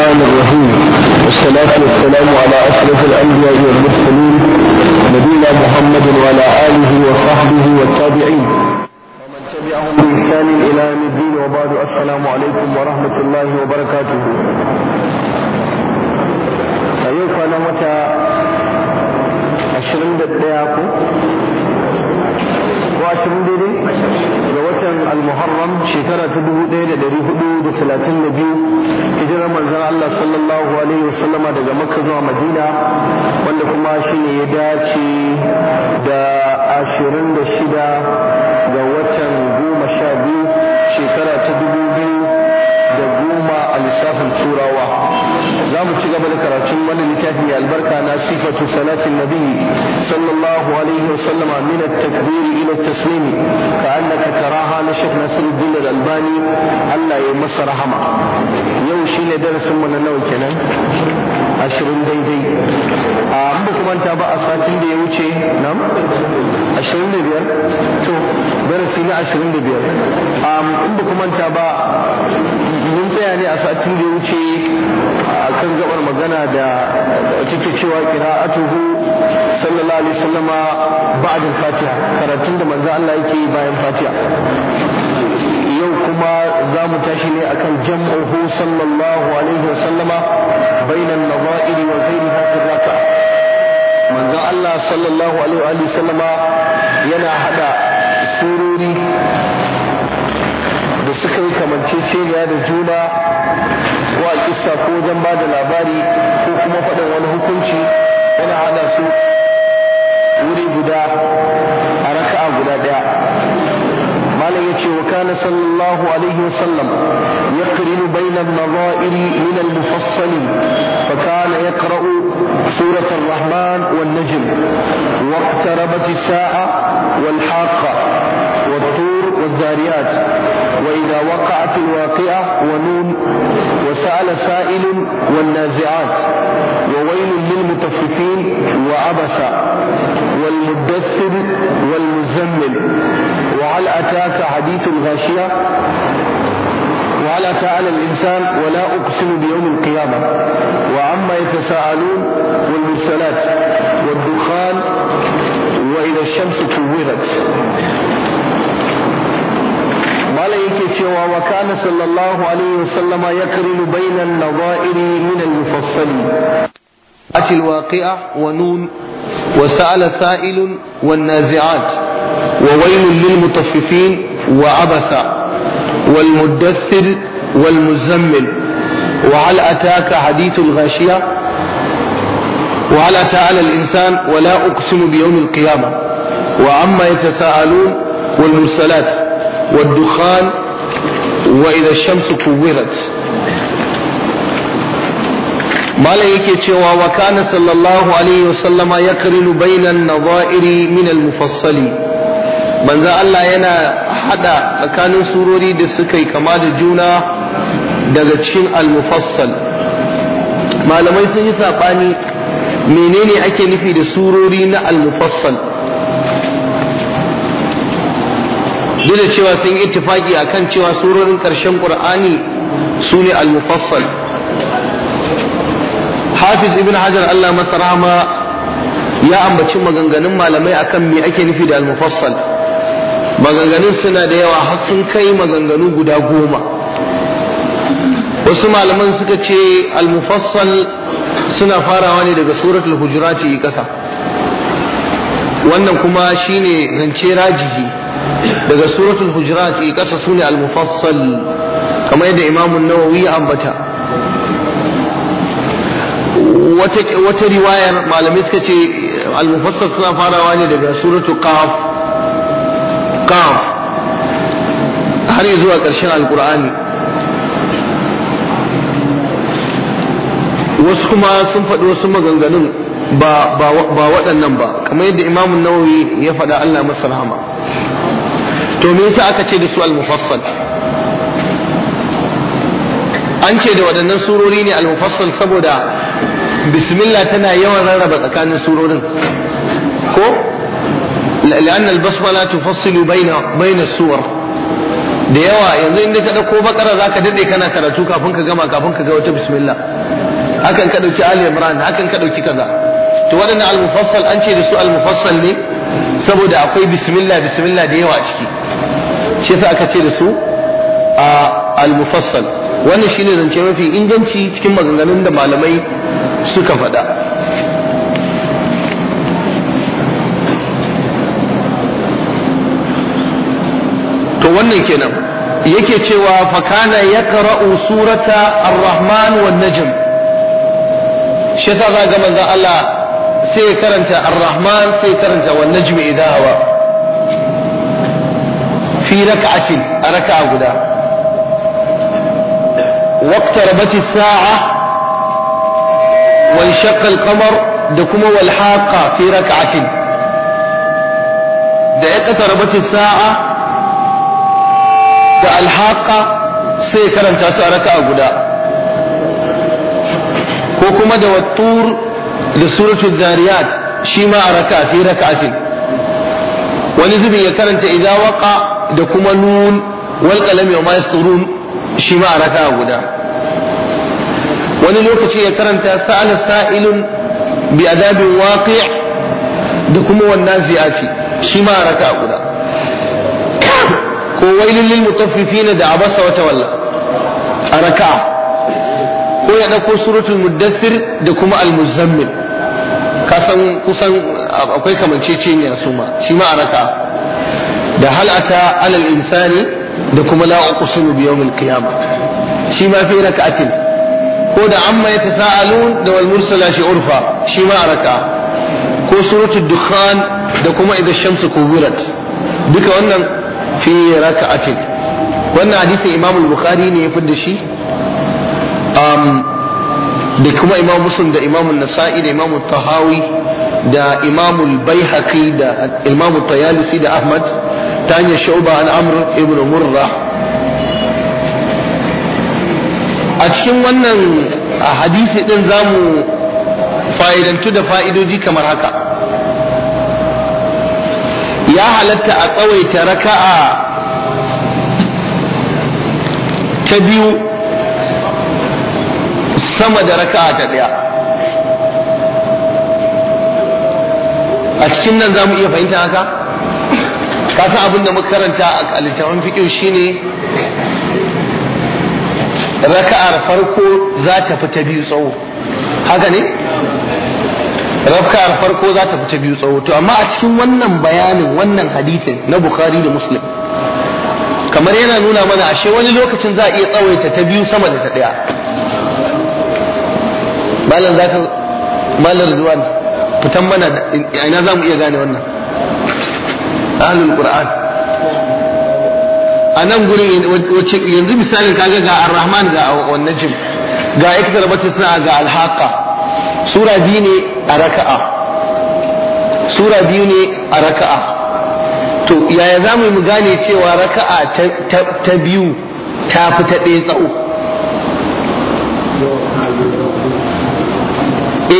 الرحمن الرحيم والصلاة والسلام على أشرف الأنبياء والمرسلين نبينا محمد وعلى آله وصحبه والتابعين ومن تبعهم بإحسان إلى يوم الدين وبعد السلام عليكم ورحمة الله وبركاته أيوك أنا متى أشرم بالدعاء وأشرم watan almuharram shekara ta biyu hijirar manzon Allah sallallahu alaihi wasallama daga makka zuwa madina wanda kuma shine ya dace da da shida ga watan biyu shekara ta 2000 lissafin turawa za mu ci gaba da karatun wani littafi mai albarka na sifatu salatin nabi sallallahu alaihi wa sallama min at-takbir ila at-taslim ka annaka taraha na shek nasiruddin al-albani Allah ya masa rahama yau shine darasin mu na nawa kenan ashirin daidai a ba kuma ta ba a satin da ya wuce nan ashirin da biyar to darasi na ashirin da biyar in da kuma ta ba mun tsaya ne a satin da ya wuce a kan gabar magana da cike cewa qira'atuhu sallallahu alaihi wasallama ba'da al-fatiha karatun da manzo Allah yake bayan fatiha yau kuma za mu tashi ne a akan jam'uhu sallallahu alaihi wa sallama bainan nadha'iri wa ghairiha fi raka manzo Allah sallallahu alaihi wa sallama yana hada surori da suka yi kamanceceniya da juna wa kissa ko wajen ba da labari ko kuma faɗin wani hukunci yana hada su wuri guda a raka'a guda ɗaya تعالی چې وکاله صلی الله عليه وسلم يقرن بين النظائر من المفصل فكان يقرأ سورة الرحمن والنجم واقتربت الساعة والحاقة والطور والزاريات وإذا وقعت الواقعة ونون وسأل سائل والنازعات وويل للمتففين وعبس والمدثر والمزمل وعل أتاك حديث الغاشية وعلى فعل الإنسان ولا أقسم بيوم القيامة وعما يتساءلون والمرسلات والدخان وإذا الشمس كورت عليك yake وكان صلى الله عليه وسلم يكرم بين النظائر من المفصلين أتي الواقعة ونون وسأل سائل والنازعات وويل للمطففين وعبث والمدثر والمزمل وهل أتاك حديث الغاشية وهل أتى على الإنسان ولا أقسم بيوم القيامة وعما يتساءلون والمرسلات والدخان وإذا الشمس كورت malam yake cewa wa kana sallallahu alaihi wasallama yaqrinu bainan nadha'iri min al manzo Allah yana hada tsakanin surori da suka yi kama da juna daga cikin al malamai sun yi sabani menene ake nufi da surori na almufassal duk da cewa sun yi ittifaki akan cewa surorin ƙarshen Ƙur'ani su ne al hafiz ibn hajar Allah masa rahama ya ambaci maganganun malamai akan me ake nufi da al-mufassal maganganun suna da yawa har sun kai maganganu guda goma wasu malaman suka ce al suna farawa ne daga suratul hujurati kasa wannan kuma shine zance rajihi daga suratul hujurati kasa sune al-mufassal kamar yadda imamun nawawi ya ambata wata wata riwayar malamai suka ce al suna farawa ne daga suratu qaf qaf har zuwa ƙarshen alqur'ani wasu kuma sun faɗi wasu maganganun ba waɗannan ba kamar yadda imamun nawawi ya faɗa Allah masa rahama to me yasa aka ce da su al-mufassal an ce da waɗannan surori ne al saboda bismillah tana yawan rarraba tsakanin surorin ko لأن البسملة تفصل بين بين suwar? da yawa yanzu inda ka ɗauko bakara za ka daɗe kana karatu kafin ka gama kafin ka ga wata bismillah hakan ka ɗauki ali imran hakan ka ɗauki kaza to waɗannan al-mufassal an ce da su al-mufassal ne saboda akwai bismillah bismillah da yawa a ciki shi yasa aka ce da su al-mufassal wannan shine zance mafi inganci cikin maganganun da malamai suka faɗa to wannan kenan yake cewa fakana ya kara'u surata ar-rahman wa najm shi sa za ga manzon Allah sai ya karanta ar-rahman sai ya karanta wa najm idawa fi raka'atin a raka'a guda waqtarabati saa وانشق القمر دكما والحاقة في ركعة دقيقة ربط الساعة دا الحاقة سيكرا تاسع ركعة قداء دا والطور لسورة الذاريات شيما ركعة في ركعة ونزبي يكرا إذا وقع دكما نون والقلم يوم يسطرون شيما ركعة قداء wani lokaci ya karanta sa'ala sa'ilun bi adabin waqi' da kuma wannan ziyaci shi ma raka guda ko wailul lil mutaffifin da abasa wata tawalla a raka ko ya dauko suratul muddathir da kuma al muzammil kasan kusan akwai kamanceceniya su ma shi ma a raka da hal'ata alal insani da kuma la uqsimu bi yawmil qiyamah shi ma fi raka'atin ko da amma ya tasa'alun da wal shi urfa shi ma raka ko suratul dukhan da kuma idan shamsu kubirat duka wannan fi raka'atin wannan hadisin imam al-bukhari ne ya fidda shi da kuma imam muslim da imam nasa'i da imam tahawi da imam al-baihaqi da imam tayalisi da ahmad ta hanyar shu'ba an amr ibn murrah a cikin wannan hadisi din za mu fa'idantu da fa'idoji kamar haka ya halatta a tsawaita raka'a ta biyu sama da raka'a ta ɗaya a cikin nan za mu iya fahimta haka kasan abin da muka karanta a littafin fiƙo shine raka'ar farko za ta fi ta biyu tsawo haka ne raka'ar farko za ta fi ta biyu tsawo to amma a cikin wannan bayanin wannan hadithin na bukhari da muslim kamar yana nuna mana ashe wani lokacin za a iya tsawaita ta biyu sama da ta ɗaya malam za ka malam zuwa fitan mana ina za mu iya gane wannan ahlul qur'an a nan gurin yanzu misalin kaga ga ar-rahman ga wannan jim ga iktar bace suna ga al-haqa sura biyu ne a raka'a sura biyu ne a raka'a to yaya za mu yi mu gane cewa raka'a ta biyu ta fi ta ɗaya tsawo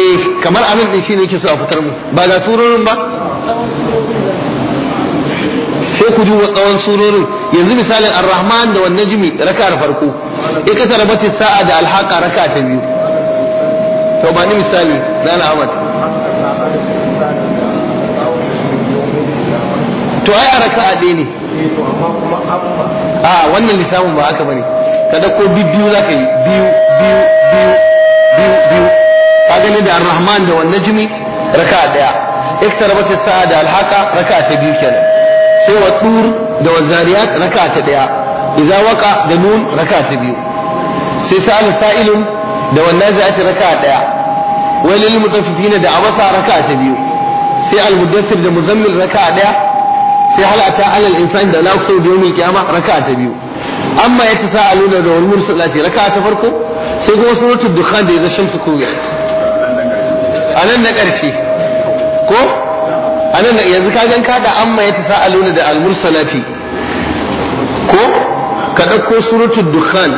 eh kamar abin din shine yake so a fitar mu ba ga surorin ba sai ku duba tsawon surorin yanzu misalin ar-rahman da wannan jimi raka da farko ikata rabati sa'a da al-haqa raka ta biyu to ba ni misali na Ahmad to ai a raka'a ɗaya ne a wannan lissafin ba haka bane kada ko biyu za ka yi biyu biyu biyu biyu biyu ka gani da ar-rahman da wannan jimi a ɗaya iktarabat as-sa'a da alhaqa raka ta biyu kenan sai wa tur da wazariyat raka ta daya idza waka da nun raka ta biyu sai sa'al sa'ilun da wannan zati raka daya wa lil mutaffifina da abasa raka ta biyu sai al mudaththir da muzammil raka daya sai hal ata ala al insan da la ukhsu yawm al qiyamah raka ta biyu amma yatasaaluna da wal mursalati raka ta farko sai kuma suratul dukhan da ya shamsu kuwiyat a nan na karshe ko anan yanzu ka gan ka da amma ya Aluna da al-mursalati ko ka dauko suratul dukhan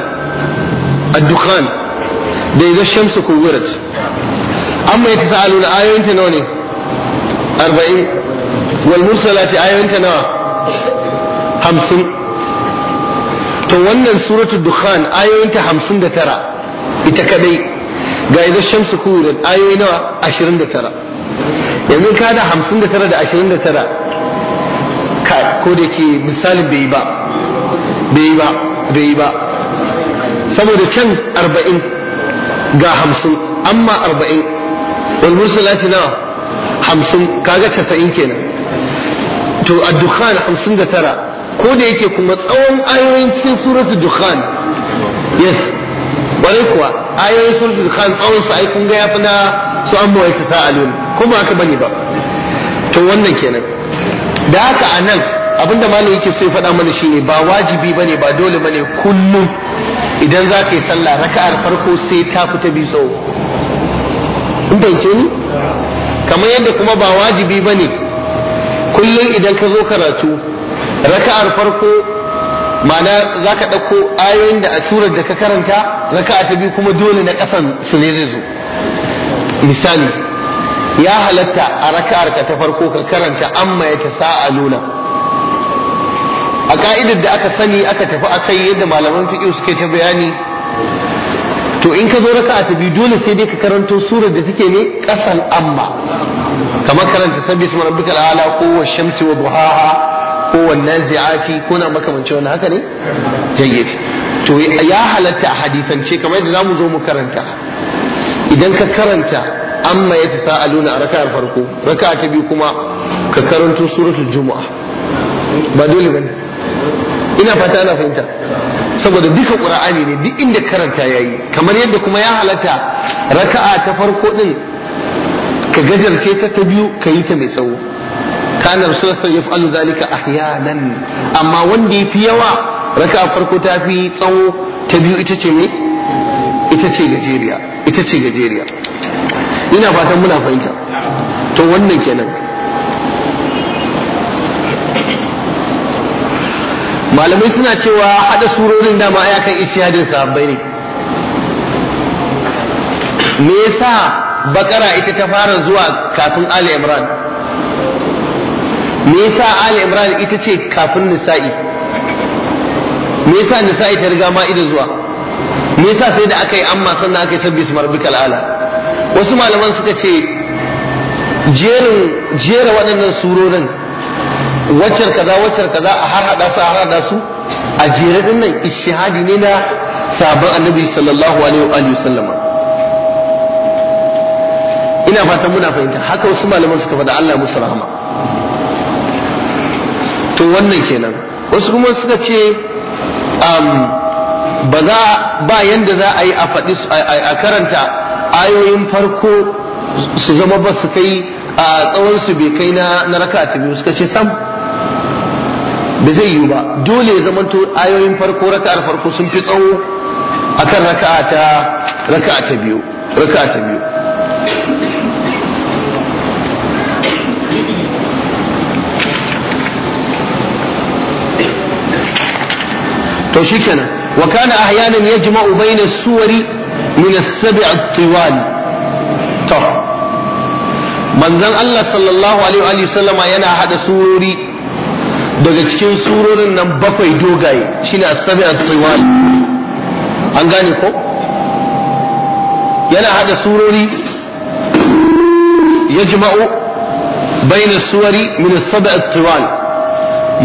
ad-dukhan da idza shamsu kuwirat amma ya Aluna ayoyin ta nawa ne 40 wal mursalati ayoyin ta nawa 50 to wannan suratul dukhan ayoyin ta 59 ita kadai ga idza shamsu kuwirat ayoyi nawa 29 yanzu ka da hamsin da tara da ashirin da tara ko da ke misalin bai yi ba bai yi ba bai yi ba saboda can arba'in ga hamsin amma arba'in wal mursalati nawa hamsin kaga casa'in kenan to a dukkan hamsin da tara ko da yake kuma tsawon ayoyin cikin suratul dukkan yes bare kuwa ayoyin suratul dukkan tsawon su ai kun ga yafi na su an wai ta sa'alun ko ba aka bane ba to wannan kenan da haka a nan abinda malam yake so ya faɗa mana shi ne ba wajibi ba ne ba dole ba ne kullum idan za ka yi sallah raka'ar farko sai ta fita bi tsawo in ni kamar yadda kuma ba wajibi ba ne kullum idan ka zo karatu raka'ar farko ma'ana za ka ɗauko ayoyin da a surar da ka karanta raka'a ta biyu kuma dole na ƙasan su ne zai zo misali ya halatta a raka'ar ka ta farko ka karanta amma ya nuna. a ka'idar da aka sani aka tafi a kai yadda malaman fiƙi suke ta bayani to in ka zo raka ta biyu dole sai dai ka karanto surar da take ne ƙasan amma kamar karanta sabbi ismi rabbikal a'la ko wa shamsi wa duhaha ko wan-nazi'ati ko na makamancin wani haka ne jayyaci to ya halatta a hadisance kamar yadda za mu zo mu karanta idan ka karanta amma ya tasa'aluna a raka'ar farko raka'a ta biyu kuma ka karanto suratul juma'a ba dole bane ina fata ana fahimta saboda duka qur'ani ne duk inda karanta yayi kamar yadda kuma ya halatta raka'a ta farko din ka gajarce ta ta biyu ka yi ta mai tsawo kana rasulullah sallallahu alaihi zalika ahyanan amma wanda yafi yawa raka'a farko ta fi tsawo ta biyu ita ce mai ita ce gajeriya ita ce gajeriya ina fatan muna fahimta to wannan kenan malamai suna cewa hada surorin dama ya kan hadin sahabbai ne me yasa bakara ita ta fara zuwa kafin ali imran me yasa ali imran ita ce kafin nisa'i me yasa nisa'i ta riga ma ida zuwa me yasa sai da aka yi amma sannan aka yi sabbi su marbika al'ala wasu malaman suka ce jerin jera waɗannan surorin waccar kaza waccar kaza a har hada su a har hada su a jere din nan ishihadi ne na sabon annabi sallallahu alaihi wa sallama ina fatan muna fahimta haka wasu malaman suka faɗa Allah musu rahama to wannan kenan wasu kuma suka ce um, ba za ba yanda za a yi a faɗi a karanta ayoyin farko su zama ba su kai a tsawon su bai kai na na raka ta biyu suka ce sam ba zai yiwu ba dole ya zamanto ayoyin farko raka a farko sun fi tsawo akan raka ta raka ta biyu raka ta biyu to shikenan وكان أحيانا يجمع بين السور من السبع الطوال ترى من ذن الله صلى الله عليه وآله وسلم ينا هذا سوري daga cikin surorin nan bakwai dogaye shine as-sabi at-tiwal an gane ko yana hada surori yajma'u bayna suwari min as-sabi at-tiwal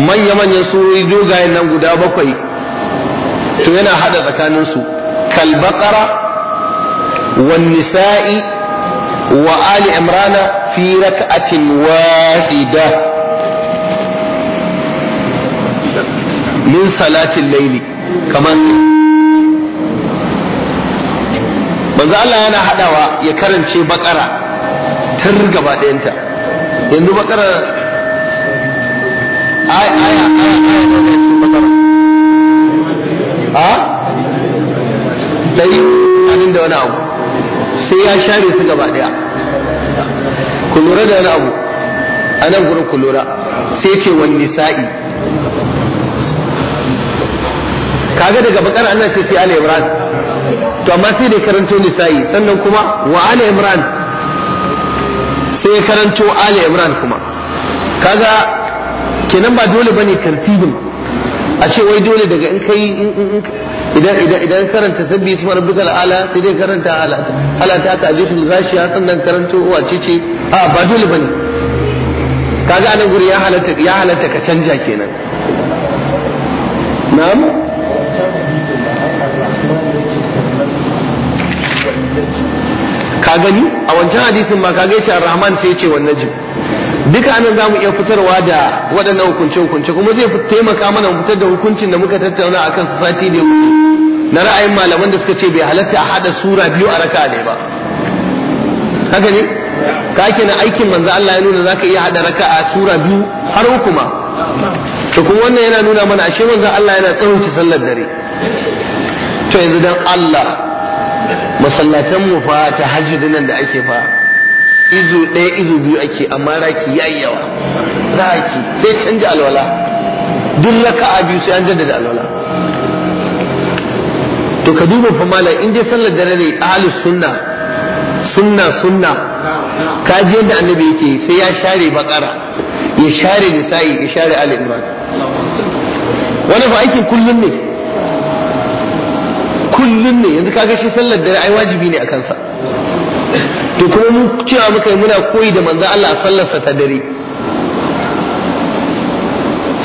manya manyan surori dogayen nan guda bakwai to yana hada tsakanin su kal baqara wan nisa'i wa ali imrana fi rak'atin wahida min salatin layli kaman manzo Allah yana hadawa ya karance bakara tun gaba ɗayanta yanzu bakara aya aya aya aya a dari abin da wani abu sai ya share su gaba daya ku lura da wani abu a nan gurin ku lura sai ce wani nisa'i kaga daga bakar Allah ce sai ala imran to amma sai da karanto nisa'i sannan kuma wa ala imran sai ya karanto ala imran kuma kaga kenan ba dole bane tartibin a ce wai dole daga in kai idan idan idan karanta sabbi isma rabbikal ala sai dai karanta ala ala ta ta ajiful ya sannan karanto wa ce a ba dole bane kaga anan guri ya halatta ya halatta ka canja kenan na'am ka gani a wancan hadisin ma kaga yace ar-rahman sai yace wannan najm duka anan za mu iya fitarwa da waɗannan hukunce-hukunce kuma zai taimaka mana fitar da hukuncin da muka tattauna a su sati da wuce na ra'ayin malaman da suka ce bai halatta a haɗa sura biyu a raka ne ba haka ne ka na aikin manzo Allah ya nuna zaka iya haɗa raka a sura biyu har ukuma? ma to kuma wannan yana nuna mana ashe manzo Allah yana tsawaita sallar dare to yanzu dan Allah masallatan mu fa ta hajjudin nan da ake fa izu ɗaya izu biyu ake amma raki yi yawa raki sai canja alwala duk a biyu sai an da alwala to ka duba fa malam in je sallar dare ne ahlus sunna sunna sunna ka ji yadda annabi yake sai ya share bakara ya share nisa'i ya share ali imran wani ba aikin kullum ne kullum ne yanzu kaga shi sallar dare ai wajibi ne a kansa to kuma mu cewa muka muna koyi da manzo Allah sallarsa ta dare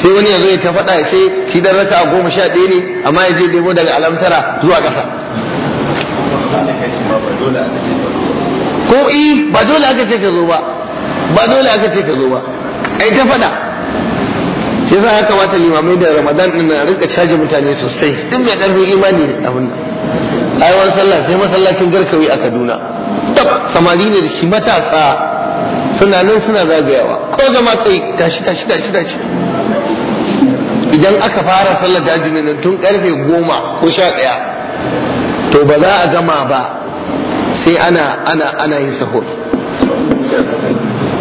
sai wani ya ya ta faɗa ya ce shi dan raka a goma sha ɗaya ne amma ya je demo daga alamtara zuwa ƙasa ko i eh, ba dole aka ce ka zo ba ba dole aka ce ka zo ba ai ta faɗa sai za a kamata limamai da ramadan din na rinka caji mutane sosai duk mai karfin imani da abin nan ai wani sallah sai masallacin garkawi a kaduna tab samari ne da shi matasa suna nan suna zagayawa ko zama kai tashi tashi tashi tashi idan aka fara sallar dajin nan tun karfe goma ko sha ɗaya to ba za a gama ba sai ana ana ana yin sahur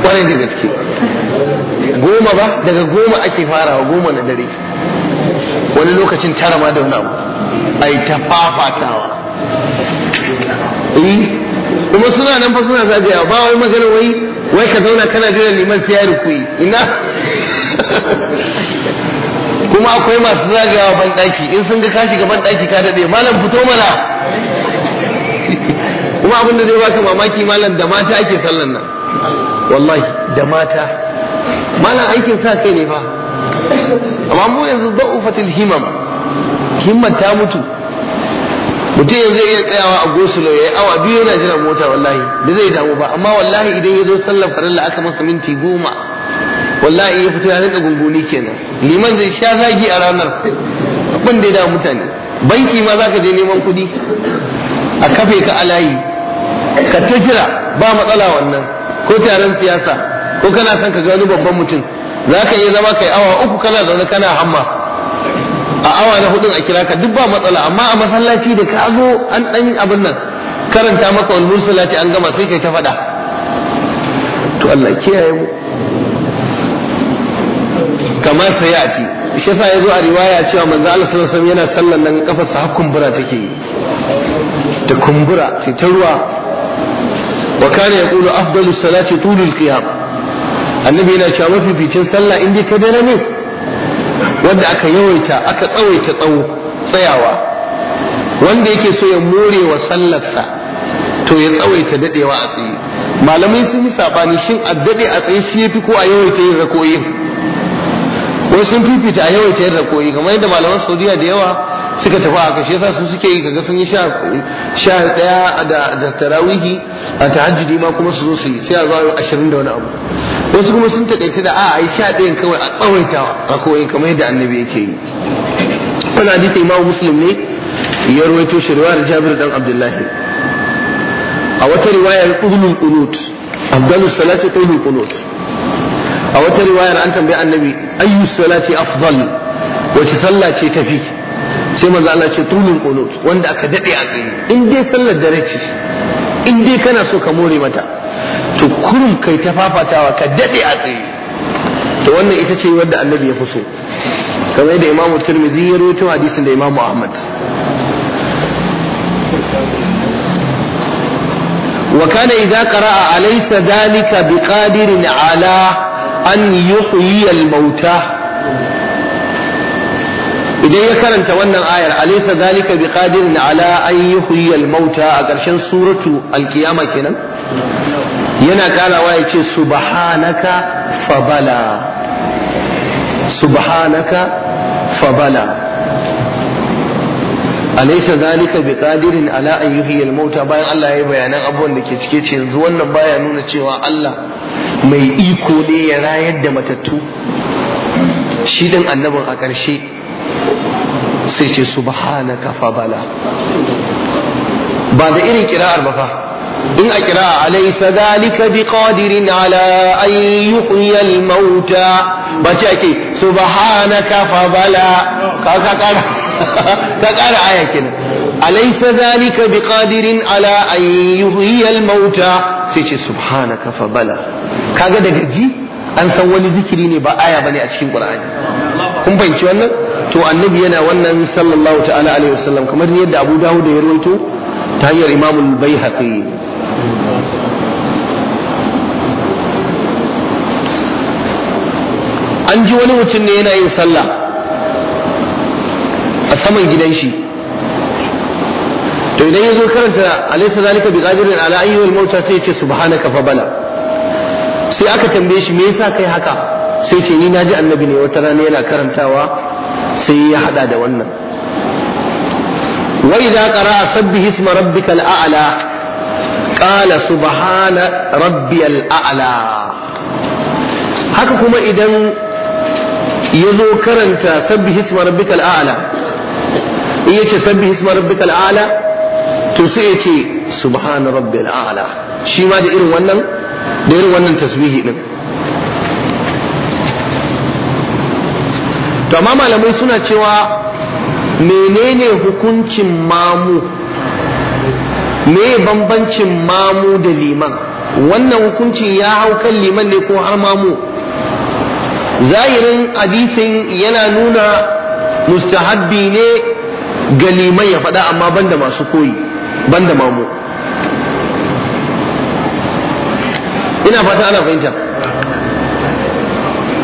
kwarai da gaske goma ba daga goma ake farawa goma na dare wani lokacin tara ma da wani abu ai ta fafatawa eh? kuma suna nan fa suna zagaya ba wai magana wai wai ka zauna kana jira liman sai ya rukuyi ina kuma akwai masu zagawa ban daki in sun ga ka shiga ban daki ka dade malam fito mana kuma abin da zai baka mamaki malam da mata ake sallan nan wallahi da mata malam aikin sa kai ne fa amma mu yanzu da'ufatil himam himmar ta mutu mutum ya zai iya tsayawa a gosulo ya yi awa biyu yana jiran mota wallahi da zai damu ba amma wallahi idan ya zo sallar farilla aka masa minti goma wallahi ya fito ya rinka gunguni kenan liman zai sha zagi a ranar abin da ya dawo mutane banki ma za ka je neman kuɗi a kafe ka alayi ka ta jira ba matsala wannan ko taron siyasa ko kana son ka ga wani babban mutum za ka iya zama kai awa uku kana zaune kana hamma a awa na hudun a kira ka duk ba matsala amma a masallaci da ka zo an dan abin nan karanta maka wal mursalati an gama sai kai ta faɗa to Allah kiyaye mu kamar sayati shi yasa yazo a riwaya cewa manzo Allah sallallahu alaihi wasallam yana sallan nan kafar sa kumbura take ta kumbura ta ta ruwa wa kana yaqulu afdalus salati tulul qiyam annabi yana cewa mafificin sallah in dai ka dare ne wanda aka yawaita aka tsawaita tsawo tsayawa wanda yake so ya more wa sallarsa to ya tsawaita dadewa a tsaye malamai sun yi sabani shin a dade a tsaye shi yafi ko a yawaita yin rakoyi ko sun fifita a yawaita yin rakoyi kamar yadda malaman saudiya da yawa suka tafi a kashe yasa su suke yi kaga sun yi sha daya da tarawihi a tahajjudi ma kuma su zo su yi sai a zo ashirin da wani abu wasu kuma sun takaita da a ai sha ɗayan kawai a tsawaita a koyi kamar yadda annabi yake yi wani hadisi imamu muslim ne ya rawaito shi riwayar jabir dan abdullahi a wata riwayar qulul qunut afdalu salati qulul qunut a wata riwayar an tambayi annabi ayyu salati afdal wace sallah ce tafi sai manzo Allah ce tulun qunut wanda aka dade a tsini in dai sallar dare ce in dai kana so ka more mata to kurum kai ta fafatawa ka dade a tsini to wannan ita ce wadda annabi ya fi so kamar da imamu tirmidhi ya rawaito hadisin da imam ahmad وكان إذا قرأ أليس ذلك بقادر على أن يحيي الموتى idan ya karanta wannan ayar alaysa zalika biqadirin ala an yuhyi al-mauta a ƙarshen suratu al kenan yana karawa ya ce subhanaka fabala subhanaka fabala alaysa zalika biqadirin ala an yuhyi al-mauta bayan Allah ya yi bayanan abubuwan da ke cike ce yanzu wannan baya nuna cewa Allah mai iko ne ya rayar da matattu shi din annabin a ƙarshe sai ce subhanaka fa bala ba da irin kira'ar ba fa in a kira'a alaysa dhalika biqadirin ala an yuhyi al-mauta ba ce ake subhanaka fa bala ka ka kara ka kara aya kenan alaysa dhalika biqadirin ala an yuhyi al-mauta sai ce subhanaka fa bala kaga daga ji an san wani zikiri ne ba aya bane a cikin qur'ani kun fahimci wannan to annabi yana wannan sallallahu ta'ala alaihi wasallam kamar yadda abu da ya rawaito ta hanyar imamul baihaqi an ji wani mutum ne yana yin sallah a saman gidan shi to idan ya zo karanta alaysa zalika bi qadirin ala ayyul mauta sai ya ce subhanaka fa bala sai aka tambaye shi me yasa kai haka sai ce ni naji annabi ne wata rana yana karantawa sai ya hada da wannan wa idza qara'a sabbih isma rabbikal a'la qala subhana rabbiyal a'la haka kuma idan ya zo karanta sabbih isma rabbikal a'la in ce sabbih isma rabbikal a'la to sai ya yace subhana rabbiyal a'la shi ma da irin wannan da irin wannan tasbihi din to amma malamai suna cewa menene hukuncin mamu me bambancin mamu da liman wannan hukuncin ya hau kan liman ne ko har mamu zahirin hadisin yana nuna mustahabbi ne ga liman ya faɗa amma banda masu koyi banda mamu ina fata ana fahimta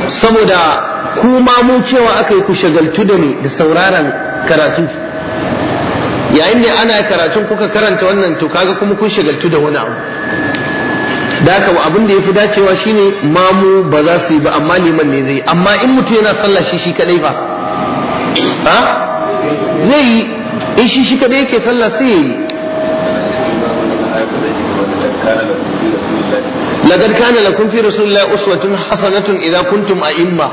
saboda kuma mu cewa aka yi ku shagaltu da ni da sauraron karatu yayin da ana karatun kuka karanta wannan to kaga kuma kun shagaltu da wani abu da haka abin da ya fi dacewa shine mamu ba za su yi ba amma liman ne zai amma in mutum yana sallah shi shi kadai ba ha zai yi in shi shi kadai yake sallah sai yi لقد كان لكم في رسول الله أسوة حسنة إذا كنتم أئمة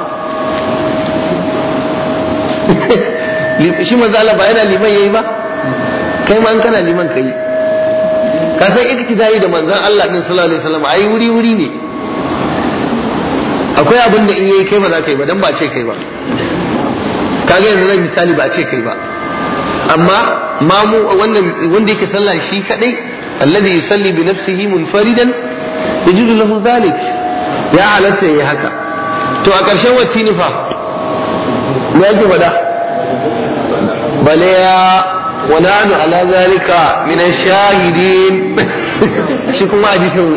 shi manzo Allah ba yana liman yayi ba kai ma an kana liman kai ka san iktidai da manzon Allah din sallallahu alaihi wasallam ai wuri wuri ne akwai abin da in yayi kai ba za ka yi ba dan ba ce kai ba kaga yanzu zan misali ba ce kai ba amma mamu wanda wanda yake sallah shi kadai alladhi yusalli bi nafsihi munfaridan yajidu lahu dhalik ya halatta yayi haka to a ƙarshen wacce fa. me yake faɗa balaya wa nanu ala zalika min shahidin shi kuma hadisin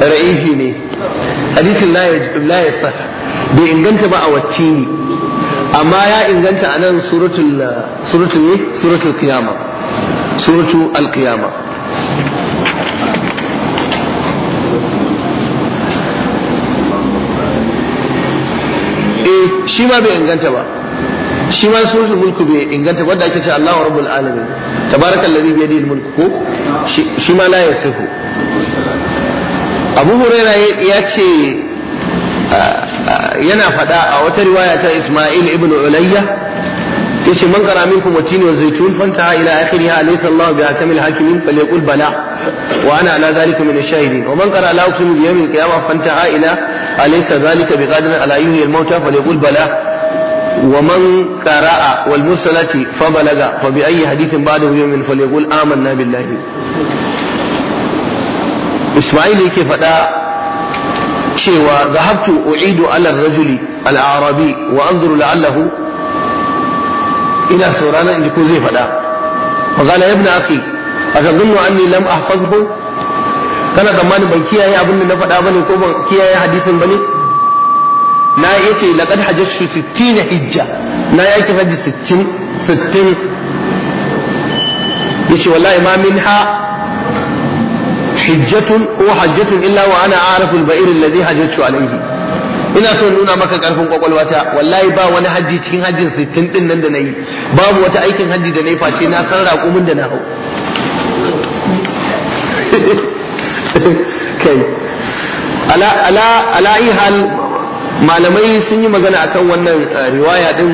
ra'ifi ne hadisin la la yasah bai inganta ba a wacce ne amma ya inganta a nan suratul ne suratul qiyama suratul al-qiyama eh shi ma bai inganta ba shi ma suratul mulku bai inganta wanda ake ce Allahu rabbul alamin tabarakal ladhi bi yadihi mulku ko shi ma la yasihu Abu Huraira ya ce yana faɗa a wata riwaya ta Isma'il ibn Ulayya yace man qara minkum watin wa zaitun fanta ila akhiriha alaysa Allah bi akamil hakimin falyaqul bala wa ana ala dhalika min ash-shahidin wa man qara la uqsimu bi yawmil qiyamah fanta ila alaysa dhalika biqadirin ala yuhyi al-mauta falyaqul bala ومن قرأ والمرسلات فبلغ فبأي حديث بعده يوم فليقول آمنا بالله إسماعيل يكي فدا شيوا ذهبت أعيد على الرجل الأعرابي وأنظر لعله إلى ثورانا إن يكون زي فدا فقال يا ابن أخي أتظن أني لم أحفظه كان ضمان بن كيا يا ابن نفدا بني كوبا كيا يا حديث بني na yace laqad hajjatu na hijja na aiki hajji Sittin 60 yace wallahi ma minha hijjatun ko hajjatun illa wa ana a'rafu al-ba'ir alladhi hajjatu alayhi ina so nuna maka karfin kwakwalwata wallahi ba wani hajji cikin hajjin Sittin din nan da na yi babu wata aikin hajji da na yi face na san raƙumin da na hau kai ala ala ala malamai sun yi magana akan wannan uh, riwaya din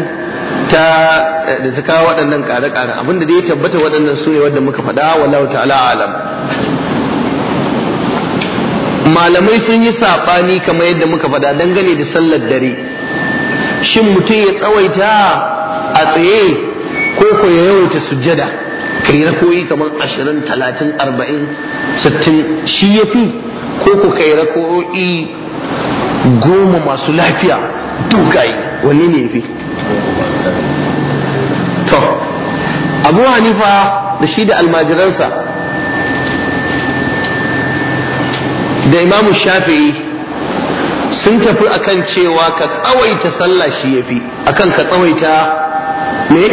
ta uh, da ta kawo waɗannan ƙare-ƙare abin da ya tabbata waɗannan su ne wanda muka faɗa wallahu ta'ala alam malamai sun yi saɓani kamar yadda muka faɗa dangane da sallar dare shin mutum ya tsawaita a tsaye ko ko ya yawaita sujjada kai rakoyi kamar ashirin talatin arba'in sittin shi ya fi ko ko kai rakoyi goma masu lafiya dukai wanne ne fi to abu hanifa da shi da almajiransa da imamu shafi'i sun tafi akan cewa ka tsawaita sallah shi ya fi akan ka tsawaita ne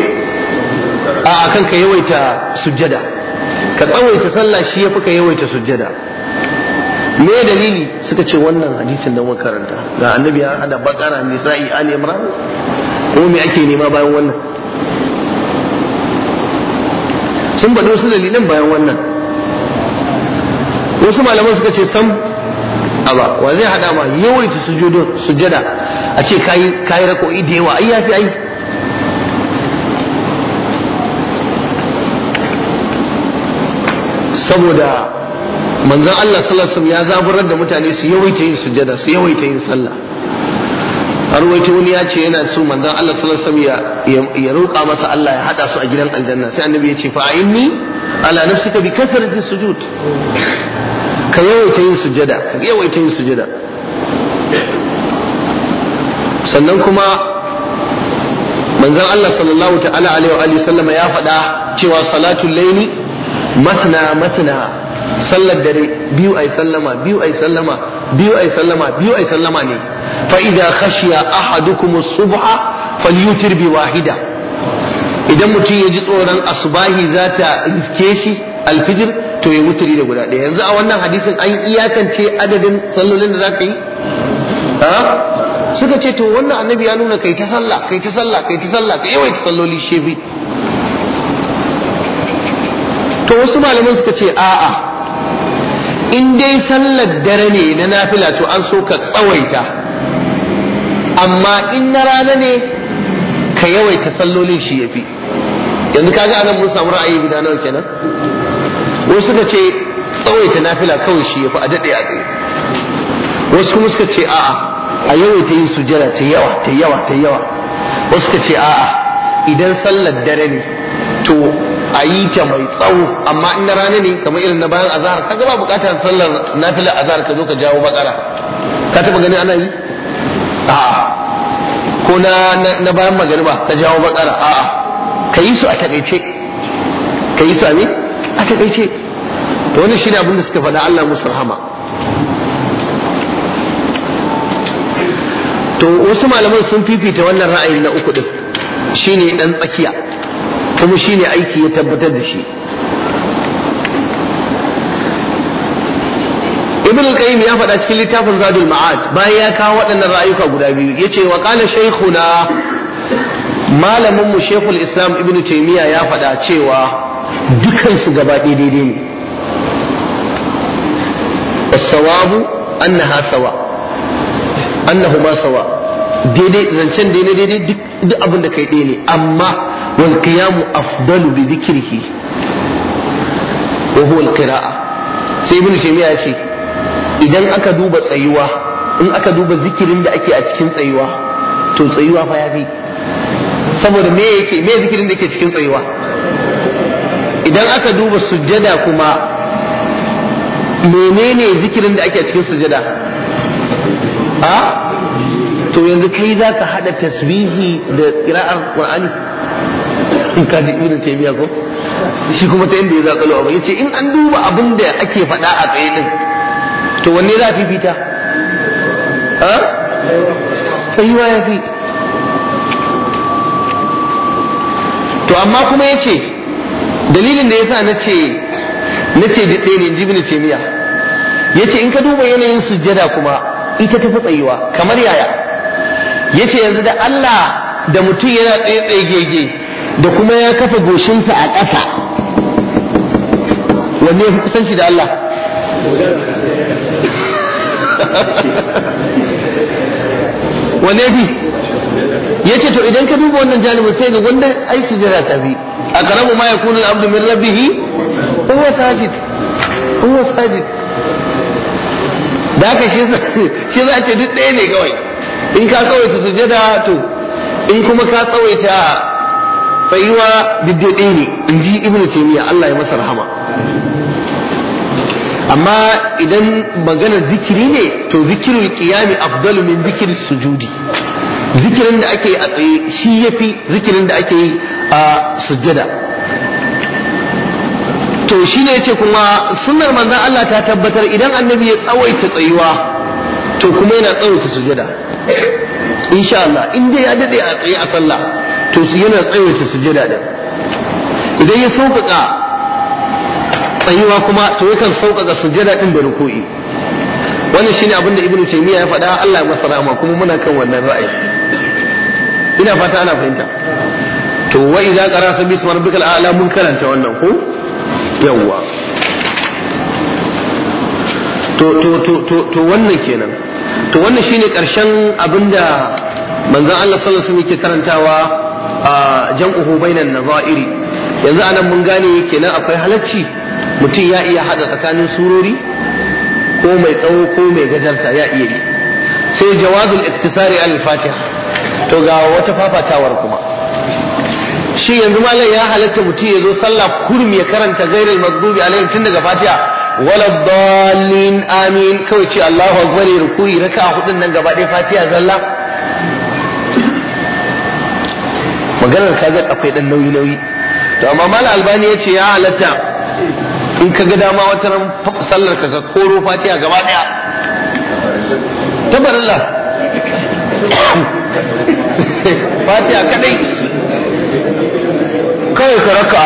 a akan ka yawaita sujjada ka tsawaita sallah ya fi ka yawaita sujjada me dalili suka ce wannan hadisin da makaranta ga annabi ya hada bakara nisa'i ali imran ko me ake nema bayan wannan sun bado su dalilin bayan wannan wasu malaman suka ce sam aba wa zai hada ma yawaita sujudu sujada a ce kayi kai rako'i da yawa ai yafi ai saboda manzon Allah sallallahu alaihi ya zaburar da mutane su yawaita yin sujjada su yawaita yin sallah har wato wani ya ce yana so manzon Allah sallallahu alaihi ya roƙa masa Allah ya hada su a gidan aljanna sai annabi ya ce fa inni ala nafsika bi kasratin sujud ka yawaita yin sujjada ka yawaita yin sujjada sannan kuma manzon Allah sallallahu ta'ala alaihi wa sallama ya faɗa cewa salatul laili matna matna sallar dare biyu ai sallama biyu ai sallama biyu ai sallama biyu ai sallama ne fa idza khashiya ahadukum as-subha falyutir bi wahida idan mutum ya ji tsoron asubahi za ta riske shi alfijir to ya wuturi da guda ɗaya yanzu a wannan hadisin an iyakance adadin sallolin da za ka yi suka ce to wannan annabi ya nuna kai ta sallah kai ta sallah kai ta sallah ka yawaita salloli shebi to wasu malaman suka ce a'a in dai sallar dare ne na nafila to an so ka tsawaita amma in na rana ne ka yawaita sallolin shi ya fi yanzu kaga anan mun samu ra'ayi guda nawa kenan wasu suka ce tsawaita nafila kawai shi ya fi a daɗe a tsaye wasu kuma suka ce a'a a yawaita yin sujada ta yawa ta yawa ta yawa wasu suka ce a'a idan sallar dare ne to a yi ta mai tsawo amma in na rana ne kamar irin na bayan azahar ka gaba bukatar sallar nafilar azahar ka zo ka jawo bakara ka taba gani ana yi a ko na na bayan magariba ka jawo bakara a ka yi su a takaice ka yi su a ne a takaice to wannan shine abin da suka faɗa Allah musu rahama to wasu malaman sun fifita wannan ra'ayin na uku din shine dan tsakiya kuma shine aiki ya tabbatar da shi ibn al-qayyim ya faɗa cikin littafin zadul ma'ad bayan ya kawo waɗannan ra'ayuka guda biyu ce wa qala shaykhuna malamin mu islam ibn taymiya ya faɗa cewa dukansu su gaba daidai ne as-sawabu annaha sawa annahuma sawa daidai zancen daidai daidai duk abin da kai ɗaya ne amma wal qiyamu afdalu bi zikirki wa huwa alqira'a sai ibnu shaymi ya ce idan aka duba tsayuwa in aka duba zikirin da ake a cikin tsayuwa to tsayuwa fa yafi saboda me yake me zikirin da ke cikin tsayuwa idan aka duba sujjada kuma menene zikirin da ake a cikin sujjada a to yanzu kai za ka haɗa tasbihi da ƙira'ar ƙwar'ani in ka ji ibn taymiya ko shi kuma ta yadda ya zakalo abu yace in an duba abin da ake faɗa a tsaye din to wanne za fi fita ha tsayuwa ya fi to amma kuma yace dalilin da yasa na ce na ce da ɗaya ne ibn taymiya yace in ka duba yanayin sujjada kuma ita tafi tsayuwa kamar yaya yace yanzu da Allah da mutum yana tsaye gege da kuma ya kafa goshinsa a ƙasa wanne ya fi kusanci da Allah wanne fi ya ce to idan ka duba wannan janibin sai ga wanda ai sujada ta bi a karamu ma ya kuna abdu min rabbihi huwa sajid huwa sajid da haka shi za a ce duk ɗaya ne kawai in ka tsawaita sujada to in kuma ka tsawaita tsayuwa diddaɗe ne in ji ibnu taymiya Allah ya masa rahama amma idan magana zikiri ne to zikirul qiyami afdalu min zikir sujudi zikirin da ake a tsaye shi yafi zikirin da ake yi a sujada. to shine yace kuma sunnar manzan Allah ta tabbatar idan annabi ya tsawaita tsayuwa to kuma yana tsawaita sujada. insha Allah in dai ya dade a tsaye a sallah to su yana tsawaita sujada din idan ya sauƙaƙa tsayuwa kuma to yakan sauƙaƙa sujada din da ruku'i wannan shine abin da ibnu taymiya ya faɗa Allah ya masa rahama kuma muna kan wannan ra'ayi ina fata ana fahimta to wa idza qara'ta bi ismi rabbikal a'la mun karanta wannan ko yawwa to to to to wannan kenan to wannan shine karshen abinda manzon Allah sallallahu alaihi wasallam yake karantawa a jam'uhu bainan nazairi yanzu anan mun gane kenan akwai halacci mutum ya iya hada tsakanin surori ko mai tsawo ko mai gajarta ya iya yi sai jawazul iktisari al-fatiha to ga wata fafatawar kuma shi yanzu malam ya halatta mutum ya zo sallah kurum ya karanta gairar magdubi alaihim tun daga fatiha wala dallin amin kawai ce Allahu akbar rukuyi raka'a hudun nan gaba ɗaya Fatiha zalla maganar kaga akwai dan nauyi nauyi to amma mal albani ya ce ya halatta in ka ga dama wata ran sallar ka ka koro Fatiha gaba ɗaya tabarallah Fatiha kadai kawai ka raka.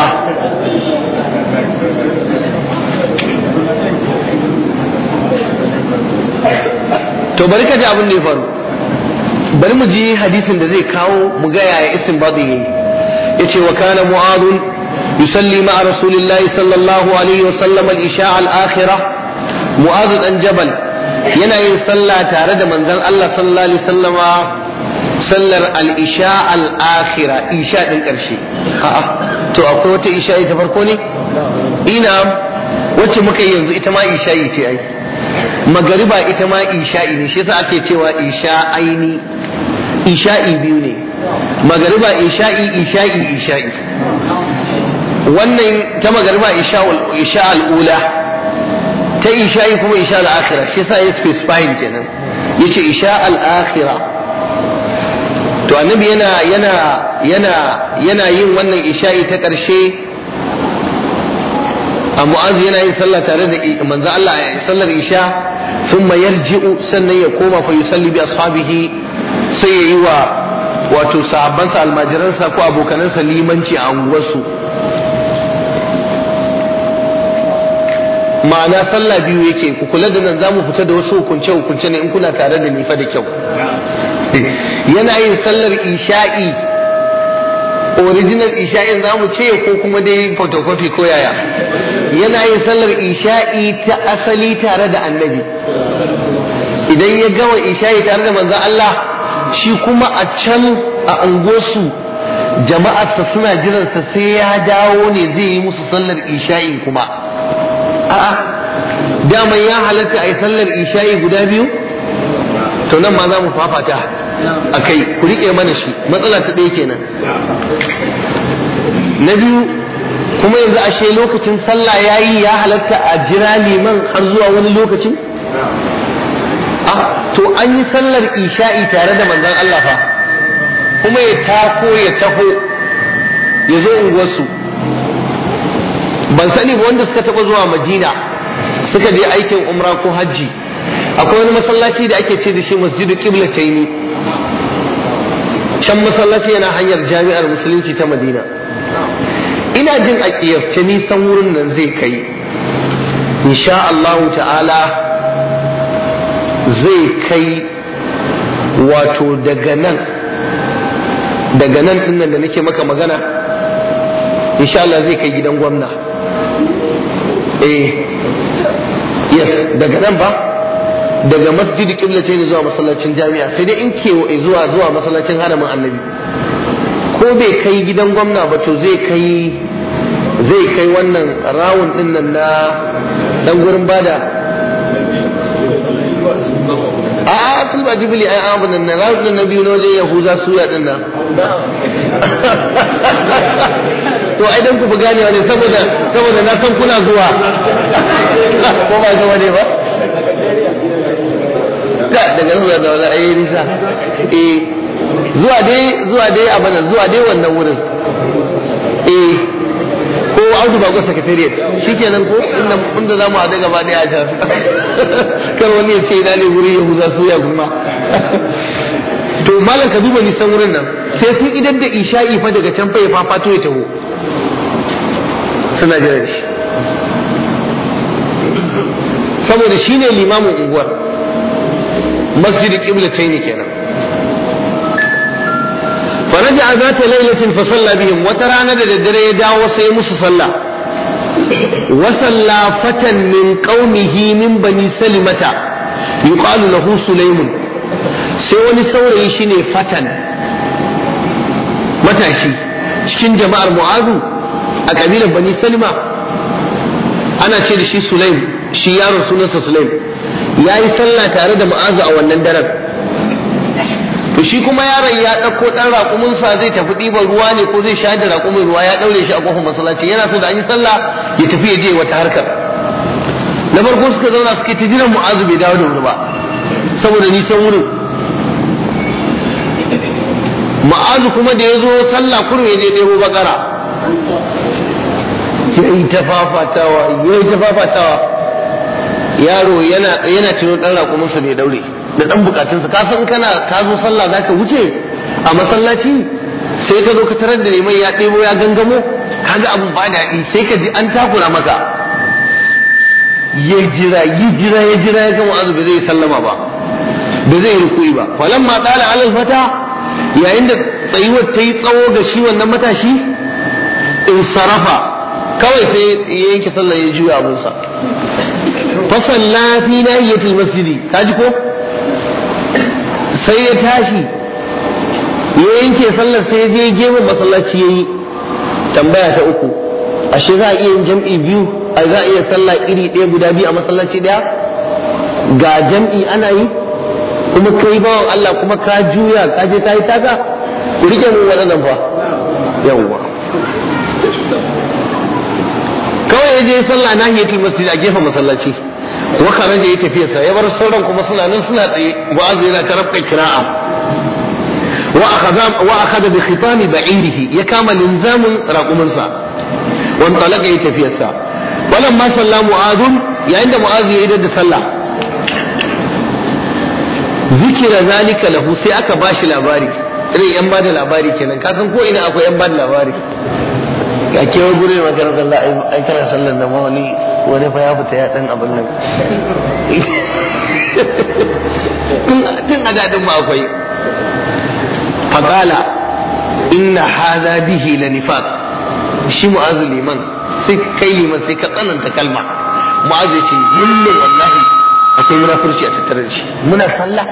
to bari ka ji abin da ya faru bari mu ji hadisin da zai kawo mu ga yaya zai Ya yace wa kana mu'adun yusalli ma'a rasulillahi sallallahu alaihi wa sallam al-isha al-akhirah mu'adun dan jabal yana yin sallah tare da manzon Allah sallallahu alaihi sallama sallar al-isha al-akhirah isha din karshe a'a to akwai wata isha ita farko ne ina wacce muka yanzu ita ma isha ce ai magariba ita ma isha'i ne shi yasa ake cewa isha'aini isha'i biyu ne magariba isha'i isha'i isha'i wannan ta magariba isha al'ula, ta isha'i kuma isha al'akhira shi yasa ya specifying kenan yace isha al'akhira. to annabi yana yana yana yana yin wannan isha'i ta karshe mu'azu yana yin sallah tare da manzo Allah sallar isha thumma yarji'u sannan ya koma fa yusalli bi ashabihi sai ya yi wa wato sahabbansa almajiransa ko abokanansa limanci a unguwarsu ma'ana sallah biyu yake ku kula da nan zamu fita da wasu hukunce hukunce ne in kuna tare da ni fa da kyau yana yin sallar isha'i original isha'in zamu ce ko kuma dai photocopy ko yaya yana yin sallar isha'i ta asali tare da annabi idan ya gawa isha'i tare da manzan Allah shi kuma a can a angosu jama'arsa suna jiransa sai ya dawo ne zai yi musu sallar isha'i kuma a'a dama ya halatta a yi sallar isha'i guda biyu to nan ma za mu fafata a kai ku riƙe mana shi matsala ta ɗaya kenan na biyu kuma yanzu ashe lokacin sallah ya yi ya halatta a jira liman har zuwa wani lokacin ah, to an yi sallar isha'i tare da manzon Allah fa kuma ya tako ya taho ya zo unguwarsu ban sani ba wanda suka taba zuwa madina suka je aikin umra ko hajji akwai wani masallaci da ake ce da shi masjidu qiblataini can masallaci yana hanyar jami'ar musulunci ta madina ina jin a kiyafce nisan wurin nan zai kai insha Allah ta'ala zai kai wato daga nan daga nan dinnan da nake maka magana insha Allah zai kai gidan gwamna eh yes daga nan ba daga masjidi ne zuwa masallacin jami'a sai dai in ke zuwa zuwa masallacin haramin annabi ko bai kai gidan gwamna ba to zai kai zai kai wannan rawun din nan na dan gurin bada a a ba jibili ai abun nan rawun din na biyu na yahuza suya din nan to ai dan ku fi ganewa ne saboda saboda na san kuna zuwa ko ba zama ne ba ka daga zuwa da wala ai nisa eh zuwa dai zuwa dai abana zuwa dai wannan wurin eh ko audu bago secretariat shikenan ko inda da zamu haɗu gaba ɗaya a can kar wani ya ce ina ne wuri ya huza ya kuma to malam ka duba nisan wurin nan sai sun idan da isha'i fa daga can fa ya fafato ya taho suna jiran shi saboda shine limamin unguwar masjid qiblatain kenan faraja a zata lailatin fasalla salla wata rana da daddare ya dawo sai musu sallah wa salla fatan min qaumihi min bani salimata yuqalu lahu sulaimun sai wani saurayi shine fatan matashi cikin jama'ar mu'azu a kabilar bani salima ana ce da shi sulaim shi yaron sunansa sulaim ya yi sallah tare da mu'azu a wannan daran. shi kuma yaron ya ɗauko ɗan raƙumunsa zai tafi ɗiban ruwa ne ko zai shayar da raƙumin ruwa ya ɗaure shi a ƙofar masallaci yana so da an yi sallah ya tafi ya je wata harkar na farko suka zauna suke ta jiran mu'azu bai dawo da wuri ba saboda nisan wurin ma'azu kuma da ya zo sallah kurme ne ɗebo bakara ya yi ta fafatawa ya yi ta fafatawa yaro yana tuno ɗan raƙuminsa bai daure da dan bukatunsa ka san kana ka zo sallah zaka wuce a masallaci sai ka zo ka tarar da neman ya ɗebo ya gangamo kaga abun ba daɗi sai ka ji an takura maka ya jira ya jira ya jira ya gama azu ba zai sallama ba ba zai rukui ba ma tsala alal fata yayin da tsayuwar ta yi tsawo ga shi wannan matashi in sarafa kawai sai ya yanke sallah ya juya abunsa fasalla fi nahiyatul masjidi kaji ko sai ya tashi ya yanke sallar sai ya je masallaci ya yi tambaya ta uku ashe za a iya yin jam'i biyu a za a iya sallah iri ɗaya guda biyu a masallaci ɗaya ga jam'i ana yi kuma kai bawa Allah kuma ka juya ka je ka yi taka ku rike mu waɗannan fa yawwa kawai ya je sallah nahiyatul masjid a gefen masallaci wa da ya tafi sa ya bar sauran kuma suna nan suna tsaye mu'az yana ta rabka kira'a wa akhadha bi khitam ba'irihi ya kama linzamin raqumin sa wa ya tafi sa walamma sallamu mu'adun yayin da mu'azu ya idar da sallah zikira zalika lahu sai aka bashi labari irin yan da labari kenan kasan ko ina akwai yan bada labari ga kewa gure magana Allah ai kana sallar da mawali wani fa ya fita ya dan abin nan tun a dadin mu akwai faqala inna hadha bihi la nifaq shi mu'azu liman sai kai liman sai ka tsananta kalma mu'azu ce lalle wallahi akwai munafurci a tattare da shi muna sallah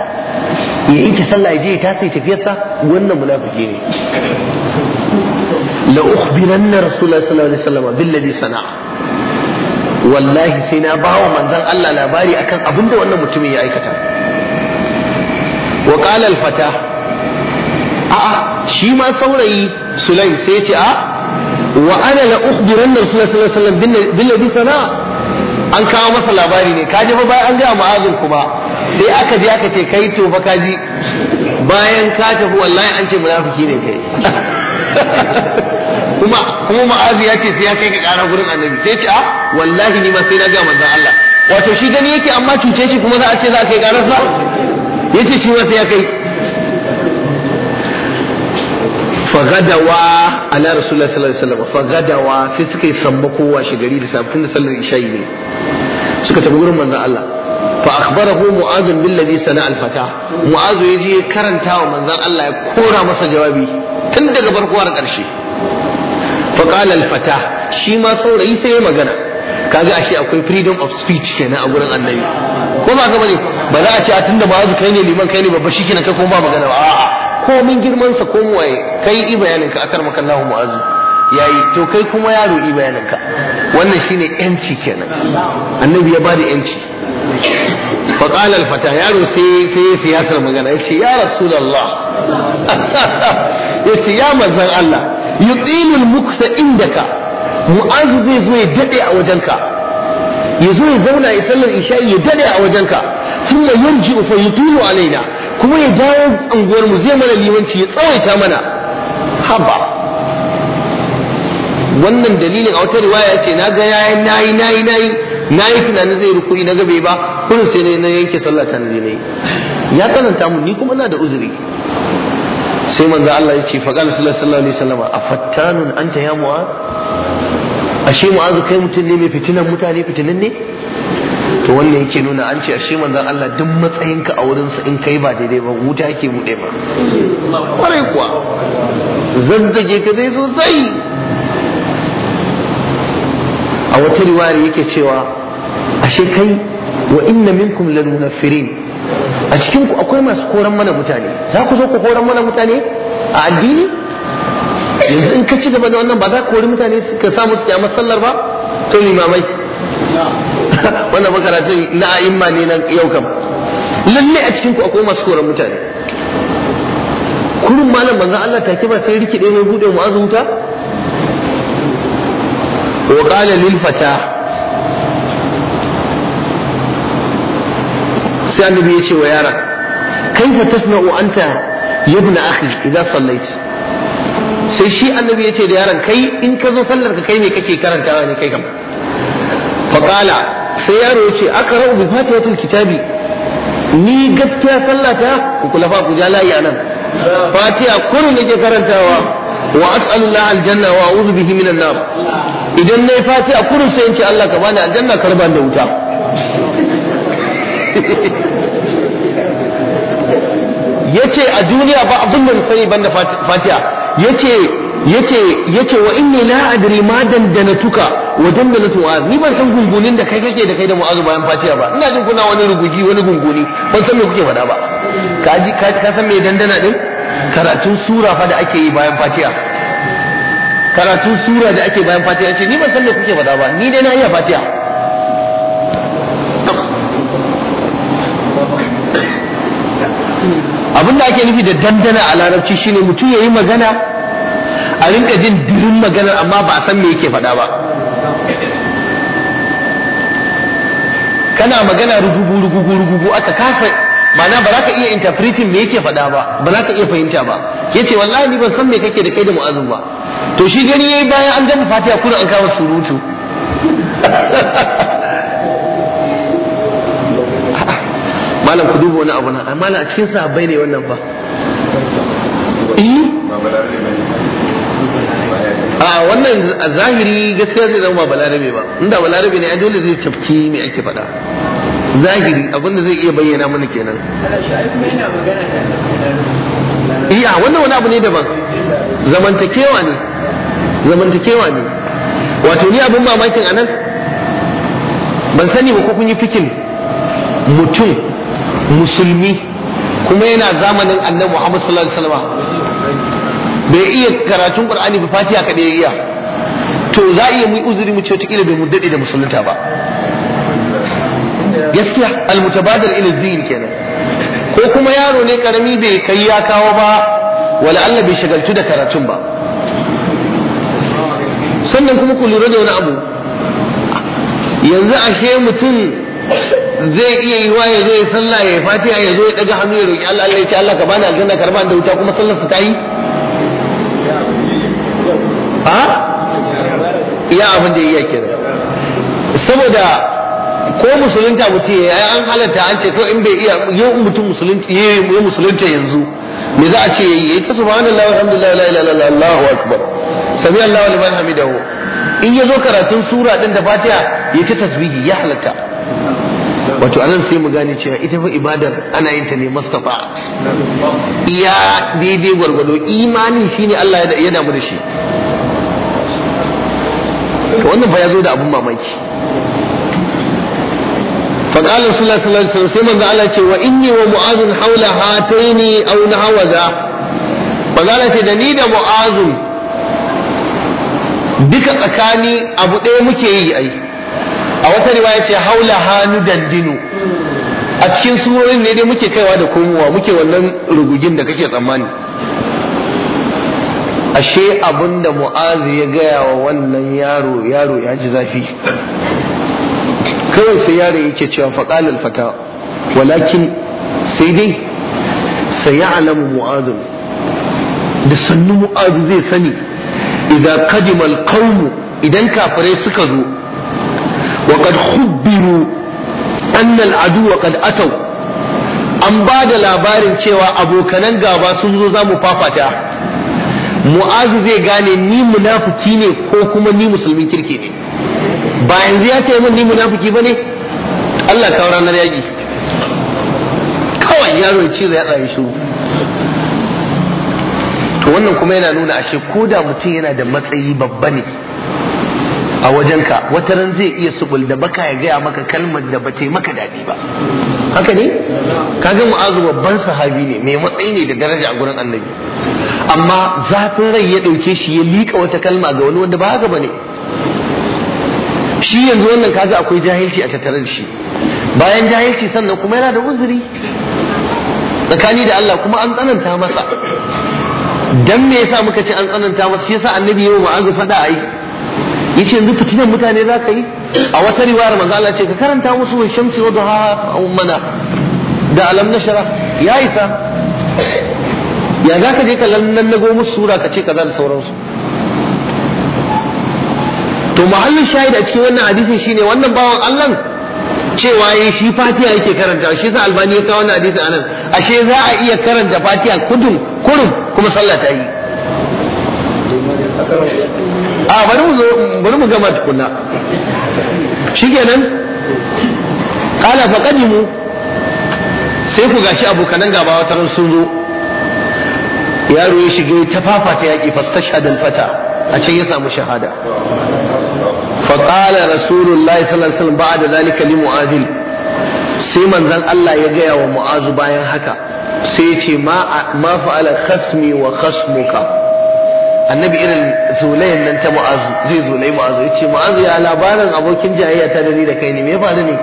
ya yi ta sallah ya je ya tasa tafiyarsa wannan munafiki ne la ukhbiranna rasulullahi sallallahu alaihi wasallam billadhi sana'a wallahi sai na bawa manzon Allah labari akan abin da wannan mutumin ya aikata wa fata a'a shi ma saurayi sulaim sai ya ce a wa ana la ukhbiranna rasulullahi sallallahu sana'a an kawo masa labari ne kaji ba bayan an ga ma'azin kuma sai aka je aka ce kai to baka ji, bayan ka tafi wallahi an ce munafiki ne kai kuma ma'azi ya ce sai ya kai ka ƙara gurin annabi sai ce a ah, wallahi ni ma sai na ga manzon Allah wato shi gani yake amma cuce shi kuma za a ce za a kai ƙararsa ya ce shi ma sai ya kai fagadawa ala rasulullah sallallahu alaihi wasallam fagadawa sai suka yi sammako washe gari da sabbin da sallar isha'i ne suka tafi gurin manzon Allah fa akhbarahu mu'adh bil ladhi sana al fata mu'adh yaje karanta wa manzon Allah ya kora masa jawabi tun daga farko har ƙarshe فقال الفتى shi ma saurayi sai ya magana kaga ashe akwai freedom of speech kenan a gurin annabi ko ba ka bane ba za a ce a tunda ba kai ne liman kai ne babba shikenan kai ko ba magana ba a'a ko min girman sa ko mu waye kai yi bayanin ka akar maka Allahu mu'azu yayi to kai kuma yaro i bayanin ka wannan shine yanci kenan annabi ya bada yanci fa qala al fata yaro sai sai siyasar magana yace ya rasulullah yace ya manzon Allah yutilul muksa ka mu'azu zai zo ya dade a wajenka ya zo ya zauna ya sallar in shayi ya daɗe a wajenka thumma yarji'u fa yutilu alaina kuma ya dawo anguwar mu zai mana limanci ya tsawaita mana haba wannan dalilin a wata riwaya ce na ga yayin nayi nayi nayi nayi tunanin zai rukuri na gabe ba kullum sai na yanke sallar ta nayi ya tsananta mu ni kuma na da uzuri sai manzo Allah ya ce fa qala sallallahu alaihi wasallam afattanun anta ya mu'az ashe mu'azu kai mutum ne mai fitinan mutane fitinin ne to wannan yake nuna an ce ashe manzo Allah duk matsayinka a wurin sa in kai ba daidai ba wuta yake bude ma kwarai kuwa zazzage ka zai sosai a wata riwaya yake cewa ashe kai wa inna minkum lanunafirin a cikin ku akwai masu koran mana mutane za ku zo ku koran mana mutane a addini yanzu in ka ci gaba da wannan ba za ku kori mutane ka samu su kyamar sallar ba to limamai wannan makarantun na a'imma ne nan yau kam lalle a cikin ku akwai masu koran mutane kurin malam manzon Allah ke ba sai rikide mai bude mu azuta wa qala lil fata sai annabi ya ce wa yara kaifa tasna'u anta ya ibn akhi idza sallait sai shi annabi ya ce da yaron kai in ka zo sallar ka kai ne kake karanta ne kai kam faqala sai yaro ya ce aqra'u bi fatihatil kitabi ni gaskiya sallata ku kula ku ja layi anan fatiha kullu nake karantawa wa as'alullah aljanna wa a'udhu bihi minan nar idan nayi fatiha kullu sai in ce Allah ka bani aljanna ka da wuta yace a duniya ba abin da sai banda fatiha yace yace yace wa inni la adri ma dandanatuka wa dandanatu wa ni ban san gungunin da kai kake da kai da mu'azu bayan fatiha ba ina jin kuna wani rugugi wani gunguni ban san me kuke faɗa ba ka ji ka san me dandana din karatun sura fa da ake yi bayan fatiha karatun sura da ake bayan fatiha ce ni ban san me kuke faɗa ba ni dai na iya fatiha abin da ake nufi da dandana a larabci shine mutum ya yi magana a rinka jin dirin magana. amma ba a san me yake faɗa ba kana magana rugugu rugugu rugugu aka kasa ma'ana ba za ka iya interpreting me yake faɗa ba ba za ka iya fahimta ba yace wallahi ni ban san me kake da kai da mu'azzin ba to shi gani yayi bayan an gama fatiha kuna an kawo surutu malam ku duba wani abu na amma a cikin sahabbai ne wannan eh? ba a wannan a zahiri gaskiya zai zama ba balarabe ba inda balarabe ne a dole zai cafki mai ake faɗa zahiri abinda zai iya bayyana mana kenan iya eh, wannan wani abu ne daban zamantakewa ne zamantakewa ne wato ni abin mamakin anan ban sani ba ko kun yi fikin mutum musulmi kuma yana zamanin annabi Muhammad sallallahu alaihi wasallam bai iya karatun Qur'ani ba Fatiha kadai iya to za iya mu uzuri mu ce wata bai mu da musulunta ba gaskiya almutabadir ila din kenan ko kuma yaro ne karami bai kai ya kawo ba wala Allah bai shagaltu da karatun ba sannan kuma ku lura da wani abu yanzu ashe mutum zai iya yi wa ya zo ya sallah ya fatiha ya zo ya daga hannu ya roki Allah Allah ya ce Allah ka bani aljanna karba da wuta kuma sallar su ta yi ha ya abin da yake kira saboda ko musulunta mutum ya yi an halatta an ce to in bai iya yau mutum musulunta ya musulunta yanzu me za a ce yayi yayi ta subhanallahi walhamdulillahi la ilaha illallah Allahu akbar sami Allahu liman hamidahu in ya zo karatun sura din da fatiha ya ta tasbihi ya halatta wato anan sai mu gane cewa ita fa ibadar ana yin ta ne mustafa iya daidai gwargwado imani shine Allah ya damu da shi to wannan fa ya zo da abun mamaki sai manzo Allah ce wa inni wa سيما قال hataini aw nahawaza هاتين أو ce da ni da معاذ duka tsakani abu ɗaya muke yi ai a wata riwaya ce haula hannu dandinu a cikin surorin ne dai muke kaiwa da komowa muke wannan rugugin da kake tsammani ashe abinda mu'azi ya gaya wa wannan yaro yaro ya ji zafi kawai sai yaro yake cewa faƙal alfata walakin sai dai sai ya alamu mu'azin da sannu mu'azi zai sani idan kadimal qaumu idan kafirai suka zo وقد hubiru, أن العدو قد أتوا an ba da labarin cewa abokanan gaba sun zo za mu fafata mu'azu zai gane ni munafiki ne ko kuma ni musulmin kirki ne ba yanzu ya ce min ni munafiki ba ne Allah kawo ranar yaƙi kawai yaro ya ce ya tsaye shiru to wannan kuma yana nuna ashe ko da mutum yana da matsayi babba ne a wajenka wata ran zai iya subul da baka ya gaya maka kalmar da ba bata maka daɗi ba haka ne kaga mu'azu babban sahabi ne mai matsayi ne da daraja a gurin annabi amma zafin rai ya ɗauke shi ya liƙa wata kalma ga wani wanda ba haka bane shi yanzu wannan kaga akwai jahilci a tattare da shi bayan jahilci sannan kuma yana da uzuri tsakani da Allah kuma an tsananta masa dan me yasa muka ce an tsananta masa shi yasa annabi yawa ma'azu fada ai yace yanzu fitinan mutane za ka yi a wata riwayar manzo Allah ce ka karanta musu wa shamsi wa ha a mana da alam shara ya isa ya za ka je ka na musu sura ka ce kaza da sauransu to muhallin shahid a cikin wannan hadisin shine wannan bawan Allah cewa yi shi fatiha yake karanta shi sa albani ya kawo wannan hadisin anan ashe za a iya karanta fatiha kudun kurum kuma sallah ta yi a bari mu bari mu gama tukunna shikenan qala fa qadimu sai ku gashi abokanan gaba wata ran sun zo yaro ya shige ta fafata yaki fastashhad al-fata a can ya samu shahada fa qala rasulullahi sallallahu alaihi wasallam ba'da zalika li mu'azil sai manzon Allah ya gaya wa mu'azu bayan haka sai ya ce ma ma fa'ala khasmi wa khasmuka annabi irin zulayen nan ta mu'azu zai zulai mu'azu ya ce mu'azu ya labarin abokin jayayya ta dani da kai ne me faru ne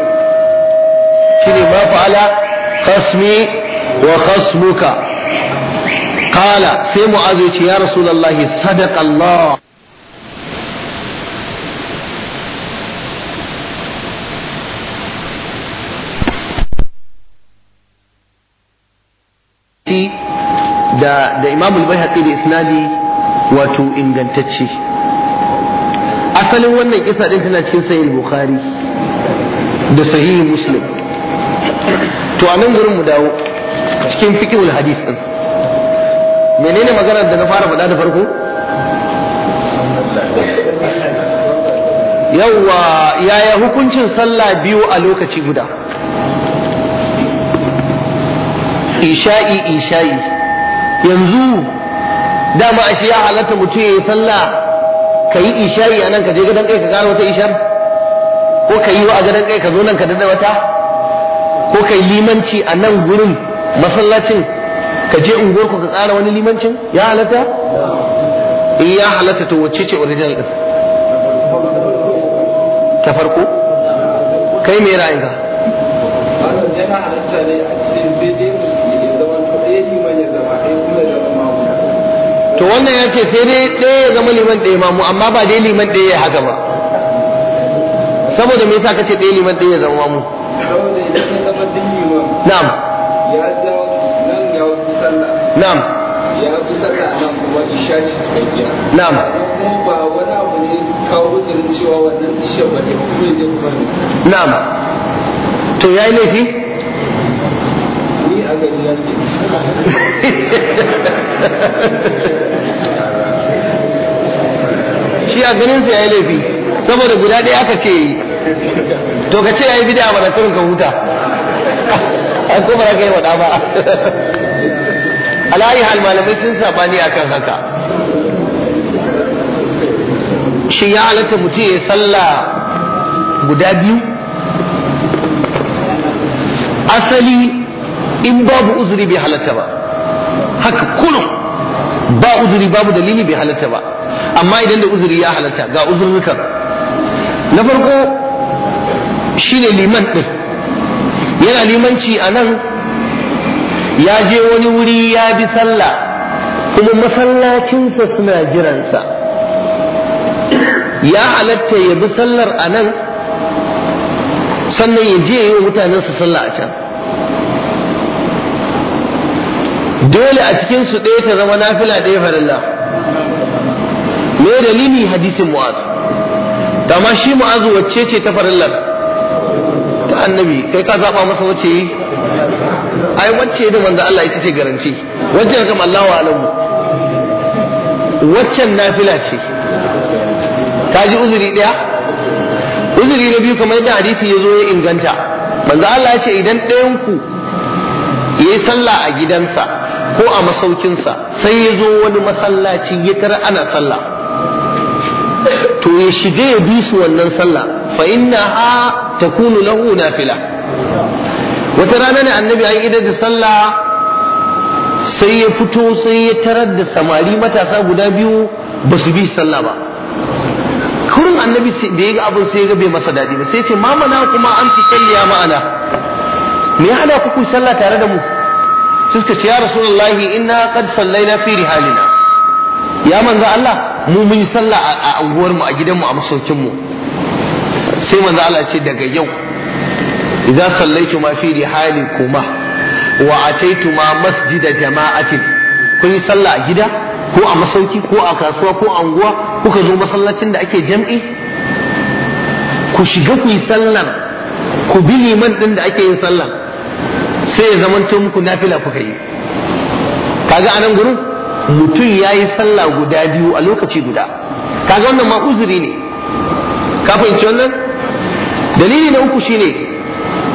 shine ma fa'ala khasmi wa khasmuka Kala sai mu'azu ya ce ya rasulullahi sadaqa Allah da da imamul haƙi da isnadi wato ingantacce asalin wannan kisa din tana cikin sahih bukhari da sahih muslim to a nan gurin mu dawo cikin fiqhul hadith din menene maganar da na fara faɗa da farko yawwa yaya hukuncin sallah biyu a lokaci guda isha'i isha'i yanzu dama ashe ya halatta mutum ya yi sallah ka yi isha'i a nan ka je gadon kai ka gano wata ishar ko ka yi wa a gadon kai ka zo nan ka dada wata ko ka yi limanci a nan gurin masallacin ka je unguwar ku ka kara wani limancin ya halatta in eh, ya halatta to wacce ce original din ta farko kai me ra'ayinka to wannan ya ce sai dai ɗaya ya zama liman ɗaya mamu amma ba dai liman ɗaya ya haka ba saboda me yasa kace ɗaya liman ɗaya ya zama mamu na'am na'am ya fi sallah nan kuma isha ce tsakiya na'am ba wani abu ne kawo da cewa wannan isha ba ta kuma ne kuma na'am to yayi laifi ni a gani na shi a ganin sa yayi laifi saboda guda ɗaya aka ce to ka ce yi bid'a ba da kurin ka huta an ko ba ka yi wada ba alayi hal malamai sun sabani akan haka shi ya halatta mutum ya sallah guda biyu asali in babu uzuri bai halatta ba haka kullum ba uzuri babu dalili bai halatta ba amma idan da uzuri ya halatta ga uzurrukan na farko shine liman ɗin. yana limanci a nan ya je wani wuri ya bi sallah kuma masallacinsa suna jiransa ya halatta ya bi sallar a nan sannan ya je yi wa mutanen mutanensa sallah a can dole a cikinsu ɗaya ta zama nafila ɗaya farilla me dalili hadisin mu'az dama shi mu'az wacce ce ta farillar ta annabi kai ka zaba masa wacce yi ai wacce da manzo Allah ita ce garanti wacce ga Allah wa alamu waccan nafila ce ka ji uzuri daya uzuri na biyu kamar yadda hadisi ya zo ya inganta manzo Allah ya ce idan ɗayan ku yayi sallah a gidansa ko a masaukinsa sai ya zo wani masallaci ya tara ana sallah to ya shiga ya bi su wannan sallah fa innaha takunu lahu nafila wata rana ne annabi an idar da sallah sai ya fito sai ya tarar da samari matasa guda biyu ba su bi sallah ba kurin annabi da ya ga abin sai ya ga bai masa daɗi ba sai ce mamana kuma an fi ya ma'ana me ya hana ku sallah tare da mu suka ce ya rasulullahi inna qad sallaina fi rihalina ya manzo Allah mu mun yi sallah a unguwarmu a gidanmu a masaukinmu sai manzo Allah ce daga yau idza sallaitu ma fi kuma wa ataitu ma masjida jama'atin kun yi sallah a gida ko a masauki ko a kasuwa ko a unguwa kuka zo masallacin da ake jam'i ku shiga ku yi sallar ku bi liman din da ake yin sallar sai ya zamanto muku nafila kuka yi kaga anan gurin mutum ya yi sallah guda biyu a lokaci guda kaga wannan ma uzuri ne ka fahimci wannan dalili na uku shine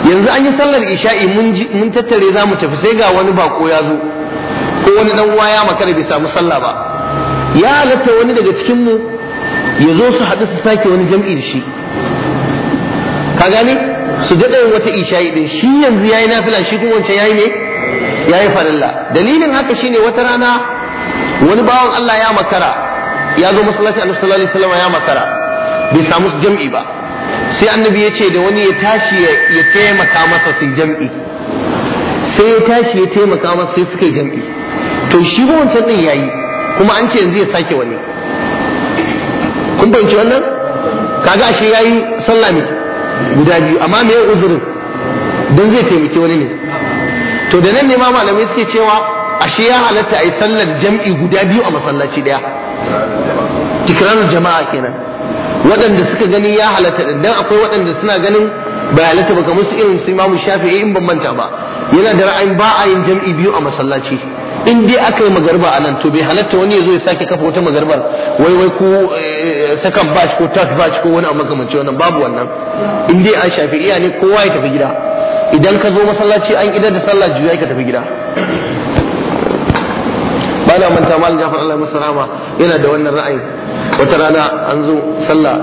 yanzu an yi sallar isha'i mun tattare za mu tafi sai ga wani bako ya zo ko wani dan uwa ya makara bai samu sallah ba ya halatta wani daga cikin mu ya zo su haɗu su sake wani jam'i da shi ka gane su daɗa wata isha'i ɗin shi yanzu ya yi nafila shi kuma wancan ya yi ne ya yi farilla dalilin haka shine wata rana wani bawan Allah ya makara ya zo masallaci annabi sallallahu alaihi wasallam ya makara bai samu jam'i ba sai annabi ya ce da wani ya tashi ya taimaka masa su jam'i sai ya tashi ya taimaka masa sai suka jam'i to shi ba wancan din yayi kuma an ce yanzu ya sake wani kun fahimci wannan kaga ashe yayi sallah ne guda biyu amma me uzurin dan zai taimaki wani ne to da nan ne ma malamai suke cewa ashe ya halatta a yi sallar jam'i guda biyu a masallaci daya tikirar jama'a kenan waɗanda suka gani ya halatta dan akwai waɗanda suna ganin ba halatta ba kamar su irin su imamu shafi in bambanta ba yana da ra'ayin ba a yin jam'i biyu a masallaci in dai aka yi magarba a nan to bai halatta wani ya zo ya sake kafa wata magarbar wai wai ko eh, second batch ko third batch ko wani abu makamanci wannan babu wannan in dai an iya ne kowa ya tafi gida idan ka zo masallaci an idar da sallah juya ka tafi gida ba manta malam jafar Allah masa rama yana da wannan ra'ayin wata rana an zo sallah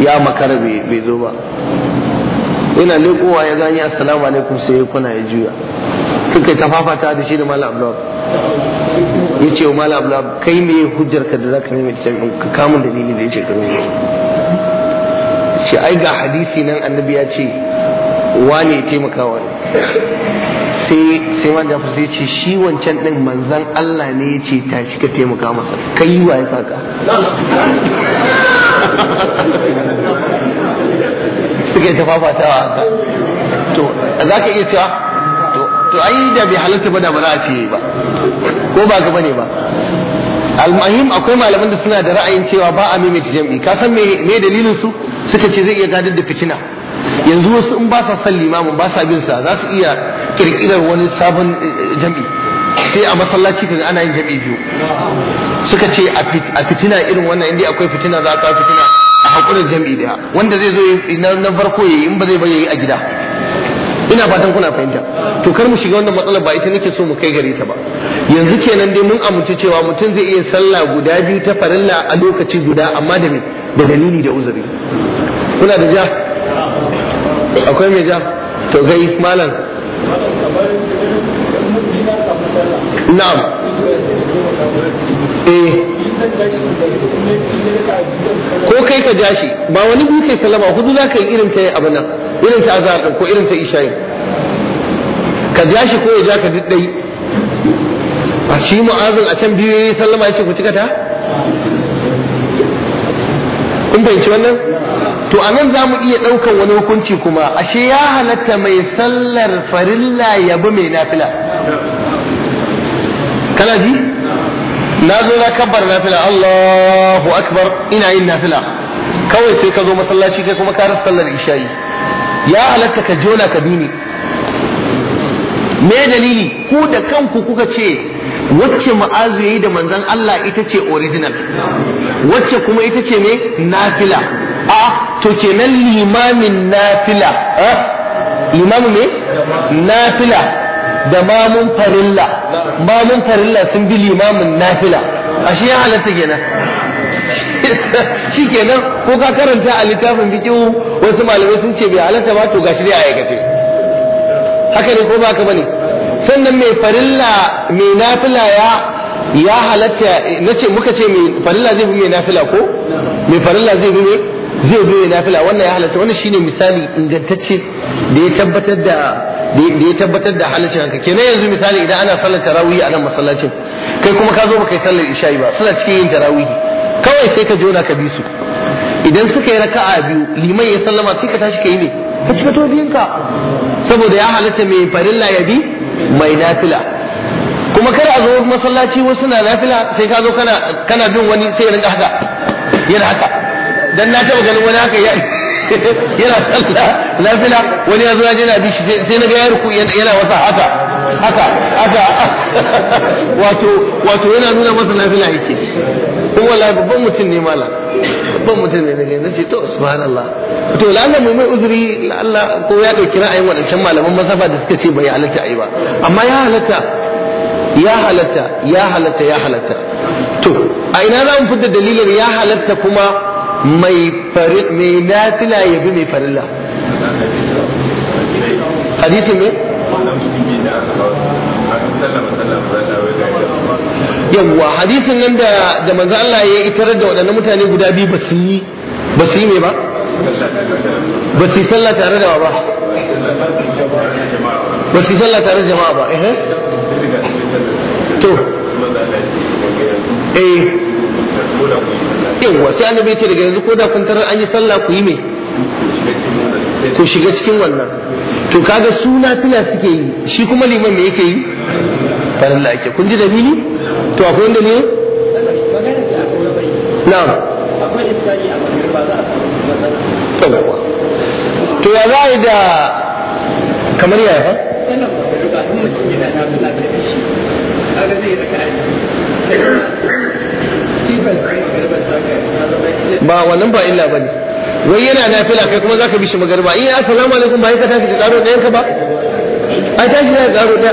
ya makara bai zo ba yana lekowa ya gani assalamu alaikum sai ya kuna ya juya kai ta fafata da shi da malam abdullahi ya ce wa malam abdullahi kai me hujjar ka da zaka nemi ta ka kamun dalili da yace ka nemi ai ga hadisi nan annabi ya ce wane ya taimaka ne sai sai wanda ya fusa ce shi wancan din manzan Allah ne ya ce ta shi ka taimaka masa kai wa ya kaka suka ta fafatawa haka to za ka iya cewa to ai da bai halatta ba da ba za a ce ba ko ba ka bane ba al almuhim akwai malaman da suna da ra'ayin cewa ba a maimaita jam'i ka san me me dalilin su suka ce zai iya gadar da fitina yanzu wasu in ba sa son limamin ba sa bin sa za su iya kirkirar wani sabon eh, eh, jam'i sai a masallaci kaga ana yin jam'i biyu suka ce a fitina irin wannan inda akwai fitina za ka fitina a hakurin jam'i da wanda zai zo na farko yayi in ba zai ya yi a gida ina fatan kuna fahimta to kar mu shiga wannan matsalar ba ita nake so mu kai gare ta ba yanzu kenan dai mun amince cewa mutum zai iya sallah guda biyu ta farilla a lokaci guda amma da me da dalili da uzuri kuna da ja akwai mai ja to gai malam na'am eh ko kai ka jashi, ba wani biyu kai salama hudu za ka yi irin ta abin nan irin ta azhar ko irin ta isha'i ka jashi ko ya ja ka diddai a shi mu'azin a can biyu yayi sallama ya ce ku cika ta kun fahimci wannan to a nan za mu iya ɗaukan wani hukunci kuma ashe ya halatta mai sallar farilla ya bi mai nafila kana ji na zo na kabbar nafila Allahu akbar ina yin nafila kawai sai ka zo masallaci kai kuma ka rasa sallar isha'i ya halatta ka jona ka bi ne me dalili ku da kanku kuka ce wacce ma'azu yayi da manzon Allah ita ce original wacce kuma ita ce me nafila a to kenan limamin nafila a limamin me nafila da mamun farilla mamun farilla sun bi limamin nafila ashe ya halatta kenan shi kenan ko ka karanta a littafin fikihu wasu malamai sun ce bai halatta ba to gashi dai a aikace haka ne ko ba ka bane sannan mai farilla mai nafila ya ya halatta na ce muka ce mai farilla zai fi mai nafila ko mai farilla zai fi mai zai zo ya nafila wannan ya halatta wannan shine misali ingantacce da ya tabbatar da da ya tabbatar da halaccin haka kenan yanzu misali idan ana sallar tarawih a nan masallacin kai kuma ka zo baka yi sallar isha'i ba suna cikin yin tarawih kawai sai ka jona ka bi su idan suka yi raka'a biyu liman ya sallama sai ka tashi ka yi me ka cika to ka saboda ya halatta mai farilla ya bi mai nafila kuma kada a zo masallaci wasu na nafila sai ka zo kana kana bin wani sai ya rinka haka yana haka dan na taba ganin wani haka yana sallah nafila wani ya zo ya je na bi shi sai na ga ya ruku yana wasa haka haka haka wato wato yana nuna masa nafila yake kuma wallahi babban mutum ne mala. babban mutum ne ne na ce to subhanallah to lalla mai mai uzuri lalla ko ya dauki ra'ayin wadancan malaman masafa da suka ce bai halatta ai ba amma ya halatta ya halatta ya halatta ya halatta to a ina za mu fitar dalilin ya halatta kuma mai nafila ya mai farilla ne yawwa hadisin nan da da manzo Allah ya itar da waɗannan mutane guda biyu ba su yi ba su yi me ba ba su yi sallah tare da ba ba su yi sallah tare da jama'a ba eh to eh yawa sai annabi ce daga yanzu ko da kun tarar an yi sallah ku yi me ku shiga cikin wannan to kaga suna fila suke yi shi kuma liman me yake yi farin da ake kun ji dalili to akwai wanda ne na to ya za a yi da kamar yaya ba kaga zai ba wannan ba illa bane wai yana nafila kai kuma zaka bi shi magarba in assalamu alaikum ba ka tashi ka karo ɗayan ka ba ai tashi ka karo da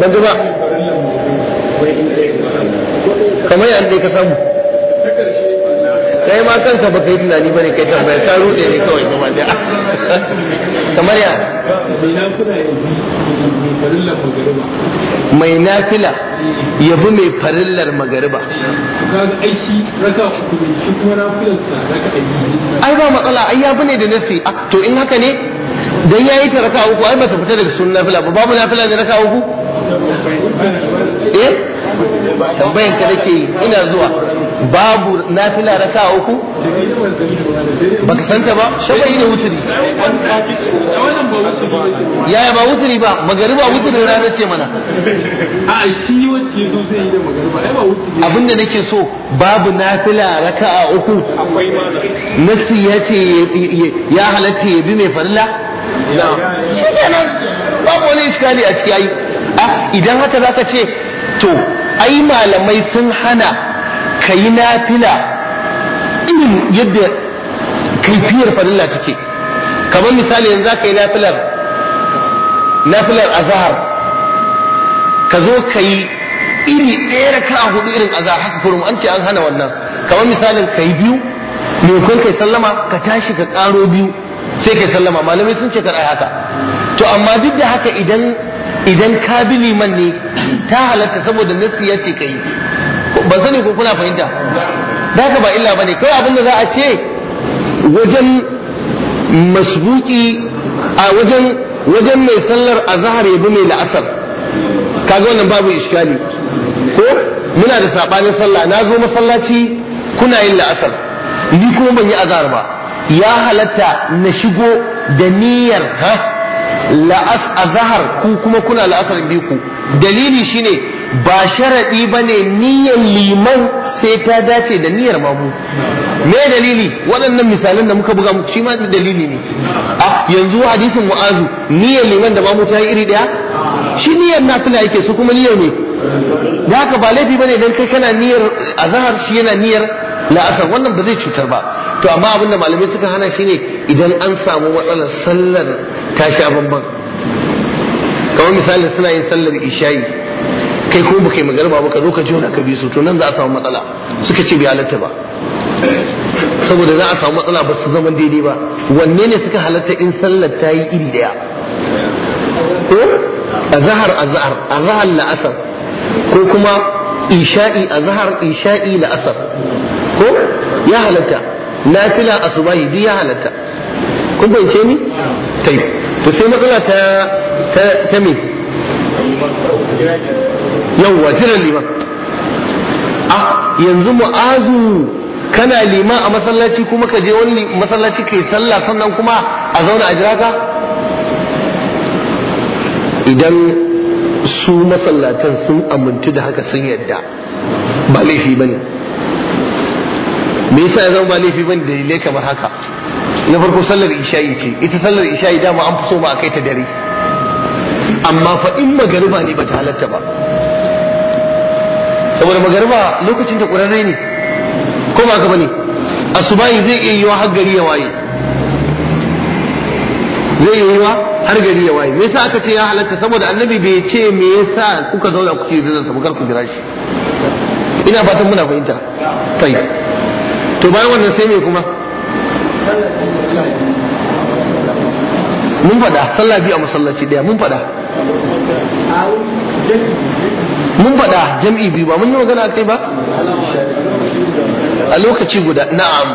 ban ba kamar yadda ka samu kai ma kanka baka yi tunani bane kai bai ta rude ne kawai gaba da kamar ya mai nafila ya bi mai farillar magariba ai ba matsala ai ya ne da nasi ah, to in haka ne dan yayi ta raka uku ai ba ta fita daga sunna nafila ba babu nafila da raka uku eh tambayan ka nake yi ina zuwa babu nafila ka uku Ba ka santa ba shabai ne wuturi yaya ba wuturi ba magariba wuturi rana ce mana a shi wacce zo zai yi da magariba ai ba wuturi abinda nake so babu nafila ka uku akwai nasi ya ce ya halatta ya bi mai farilla shi kenan babu wani iskali a cikin idan haka zaka ce to ai malamai sun hana ka yi nafila irin yadda kaifiyar fadilla take kamar misali yanzu ka yi nafilar nafilar azhar ka zo ka yi iri ɗaya raka hudu irin azhar haka kurum an ce an hana wannan kamar misalin ka yi biyu maimakon kai sallama ka tashi ka ƙaro biyu sai kai sallama malamai sun ce kar ai haka to amma duk da haka idan idan ka bi liman ne ta halatta saboda nassi ya ce kai ba sani ko kuna fahimta ka ba illa bane kawai abinda za a ce wajen masbuki a wajen wajen mai sallar azhar ya bi mai la'asar kaga wannan babu iskali ko muna da sabanin sallah na zo masallaci kuna yin la'asar ni kuma ban yi azhar ba ya halatta na shigo da niyyar ha la'as zahar ku kuma kuna la'asar biyu dalili shine ba ba ne niyyar liman sai ta dace da niyyar mamu me dalili waɗannan misalin da muka buga muku shi ma dalili ne a ah, yanzu hadisin mu'azu niyyar liman da mamu ta yi iri ɗaya, shi niyyar nafila yake su kuma niyyar ne da haka ba laifi ba ne don kai kana niyyar zahar shi yana niyyar la'asar wannan ba zai cutar ba to amma abin da malamai suka hana shine idan an samu matsalar sallar ta sha banban kamar misali suna yin sallar ishayi kai ko ba yi magarba ba ka zo ka jona ka bi su to nan za a samu matsala suka ce bai halatta ba saboda za a samu matsala ba su zama daidai ba wanne ne suka halatta in sallar ta yi iri daya ko a zahar a zahar azhar la'asar ko kuma isha'i a zahar isha'i la'asar ko ya halatta na nafila asubahi duk ya halatta kun bayyance ni tai to sai matsala ta ta ta me yawwa jiran liman a ah, yanzu mu'azu kana liman a masallaci kuma ka je wani masallaci kai sallah sannan kuma a zauna a jira ka idan su masallatan sun amintu da haka sun yadda ba laifi ba ne me yasa ya zama ba laifi bane dalilai kamar haka na farko sallar isha'i ce ita sallar isha'i dama an fi so ba a kai ta dare amma fa in magariba ne bata halatta ba saboda magariba lokacin da ƙurarrai ne ko ba ka bane asubahi zai iya yiwa har gari ya waye zai iya yiwa har gari ya waye me yasa aka ce ya halatta saboda annabi bai ce me yasa kuka zauna kuke zai zan samu kar ku jira shi ina fatan muna fahimta yi. to bayan wannan sai me kuma mun faɗa sallah biyu a masallaci ɗaya mun faɗa mun faɗa jam'i biyu ba mun yi magana kai ba a lokaci guda na'am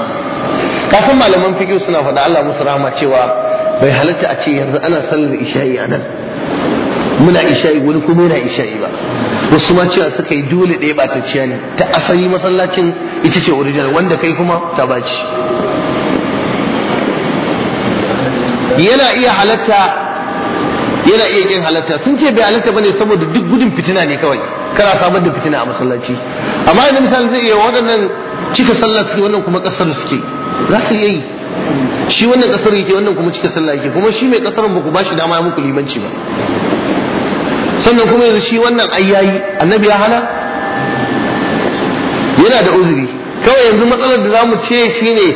kafin malaman fiƙi suna faɗa Allah musu rahama cewa bai halatta a ce yanzu ana sallar isha'i a nan muna isha'i wani kuma yana isha'i ba wasu ma cewa suka yi dole ɗaya ɓatacciya ne ta asali masallacin ita ce original wanda kai kuma ta baci yana iya halatta yana iya kin halatta sun ce bai halatta bane saboda duk gudun fitina ne kawai kana samar da fitina a masallaci amma yanzu misali zai iya waɗannan cika sallah suke wannan kuma ƙasar suke za su yi shi wannan ƙasar yake wannan kuma cika sallah yake kuma shi mai ƙasar ba ku ba shi dama ya muku limanci ba sannan kuma yanzu shi wannan ayyayi annabi ya hana yana da uzuri kawai yanzu matsalar da za mu ce shi ne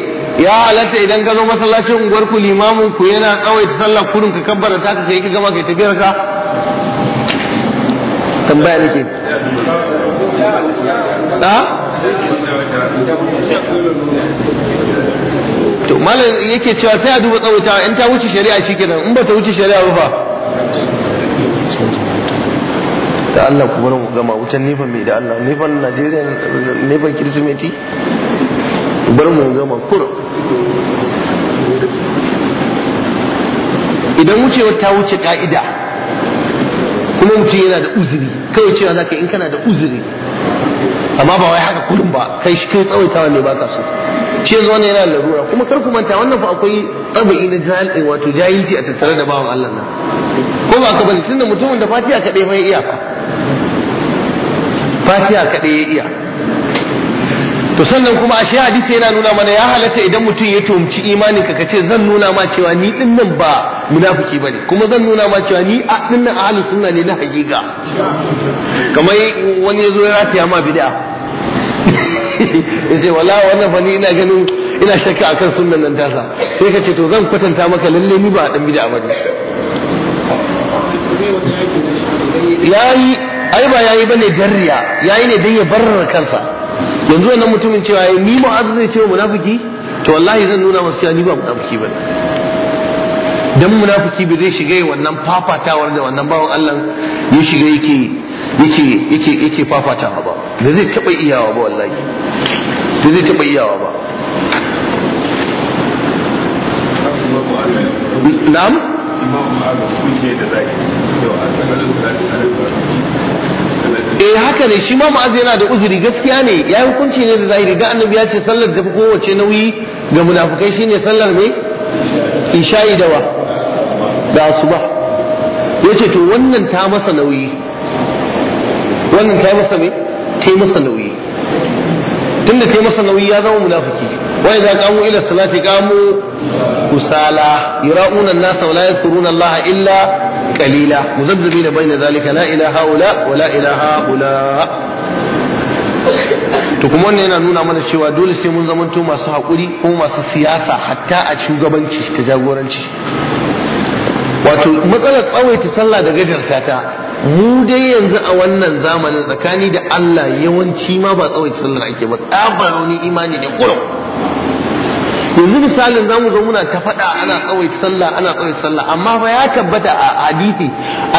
ya halatta idan ka zo masallacin unguwarku ku limamin ku yana ta sallah kurun ka kabbara ta ka kai ka gama kai tafiyar ka tambaya nake da to malam yake cewa sai a duba tsawaita in ta wuce shari'a shikenan in ba ta wuce shari'a ba da Allah ku bari mu gama wutan nifan mai da Allah nifan Najeriya nifan Kirsimeti bari mu gama kurum idan wucewar ta wuce ka'ida kuma mutum yana da uzuri kai cewa zaka in kana da uzuri amma ba wai haka kullum ba kai shi kai tsawaitawa ne ba ka so shi yanzu wannan yana larura kuma kar ku manta wannan fa akwai tsabai na jahil eh, wato jahilci a tattare da bawan Allah nan ko ba ka bane tunda mutumin da fatiya kaɗai bai iya fatiha kaɗai ya iya to sannan kuma ashe hadisi yana nuna mana ya halatta idan mutum ya tumci imanin ka kace zan nuna ma cewa ni din nan ba munafiki bane kuma zan nuna ma cewa ni a din nan ahlus sunna ne na hakika kamar wani ya zo ya rataya ma bid'a yace wallahi wannan fa ni ina ganin ina shakka akan sunnan nan tasa sai kace to zan kwatanta maka lalle ni ba dan bid'a bane yayi ai ba yayi bane dan riya yayi ne dan ya barra kansa yanzu wannan mutumin cewa yayi eh, ni mu'azzu zai ce munafiki to wallahi zan nuna masa cewa ni ba munafiki bane dan munafiki bai zai shiga wannan fafatawar da wannan bawon Allah ya shiga yake yake yake yake fafatawa ba da zai taba iyawa ba wallahi da zai taba iyawa ba na'am eh haka ne shi ma mu'az yana da uzuri gaskiya ne ya yi hukunci ne da zahiri ga annabi ya ce sallar da kowace nauyi ga munafukai shine sallar me isha'i da wa da asuba ce to wannan ta masa nauyi wannan ta masa me ta masa nauyi tunda ta masa nauyi ya zama munafiki wa idza kamu ila salati kamu kusala yura'una an-nasa wa la yadhkuruna Allah illa قليلا مذبذبين بين ذلك لا إلى هؤلاء ولا إلى هؤلاء to kuma wannan yana nuna mana cewa dole sai mun zamanto masu haƙuri ko masu siyasa hatta a shugabanci ta jagoranci wato matsalar tsawaita sallah da gajar sata mu dai yanzu a wannan zamanin tsakani da Allah yawanci ma ba tsawaita sallah ake ba tsabar wani imani ne kurum yanzu misalin zamu zo muna ta faɗa ana tsawai sallah ana tsawai sallah amma fa ya tabbata a hadisi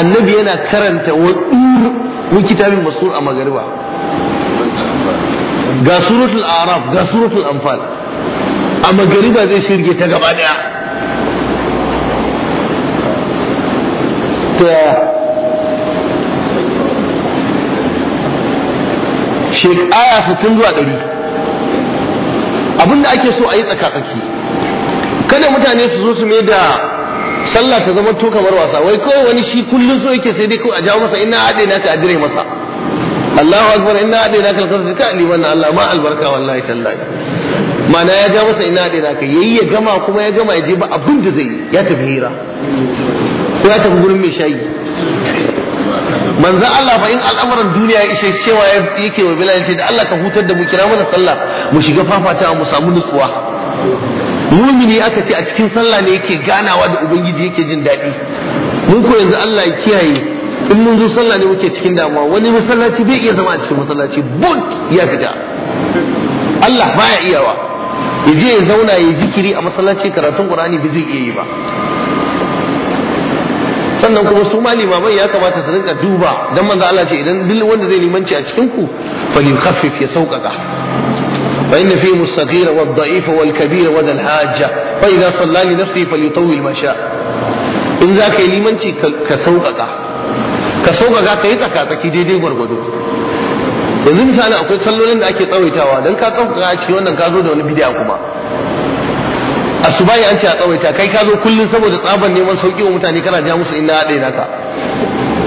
annabi yana karanta wa kitabin masur a magariba ga suratul araf ga suratul anfal a magariba zai shirge ta gaba daya ta shek aya 60 zuwa 100 abin da ake so a yi tsakatsaki kada mutane su zo su mai da sallah ta zama to kamar wasa wai kawai wani shi kullum so yake sai dai kawai a jawo masa ina haɗe na ka adire masa Allahu akbar ina haɗe na kalkar ka liman Allah ma albarka wallahi tallahi mana ya ja masa ina haɗe na ka yayi ya gama kuma ya gama ya je ba abin da zai yi ya tafi hira ko ya tafi gurin mai shayi manzan Allah fa in al'amuran duniya ya ishe cewa yake wa bilal ce da Allah ka hutar da mu kira mana sallah mu shiga fafata mu samu nutsuwa mumini aka ce a cikin sallah ne yake ganawa da ubangiji yake jin daɗi mun ko yanzu Allah ya kiyaye in mun zo sallah ne muke cikin damuwa wani masallaci bai iya zama a cikin masallaci but ya fita Allah baya iyawa ya je ya zauna ya zikiri a masallaci karatun Qur'ani bai zai iya yi ba sannan kuma su ma limaman ya kamata su rinka duba dan manzo Allah ce idan duk wanda zai limanci a cikin ku fa khaffif ya sauƙaƙa fa inna fi musaghira wa dha'ifa wal-kabira wa dal-hajja fa idza salla li nafsi falyutawil ma sha in za ka yi limanci ka sauƙaƙa ka sauƙaƙa ka yi tsaka-tsaki daidai gwargwado yanzu misali akwai sallolin da ake tsawaitawa dan ka sauƙaƙa a cikin wannan ka zo da wani bid'a kuma asubahi an ce a tsawaita kai ka zo kullum saboda tsaban neman sauki wa mutane kana ja musu inna haɗe naka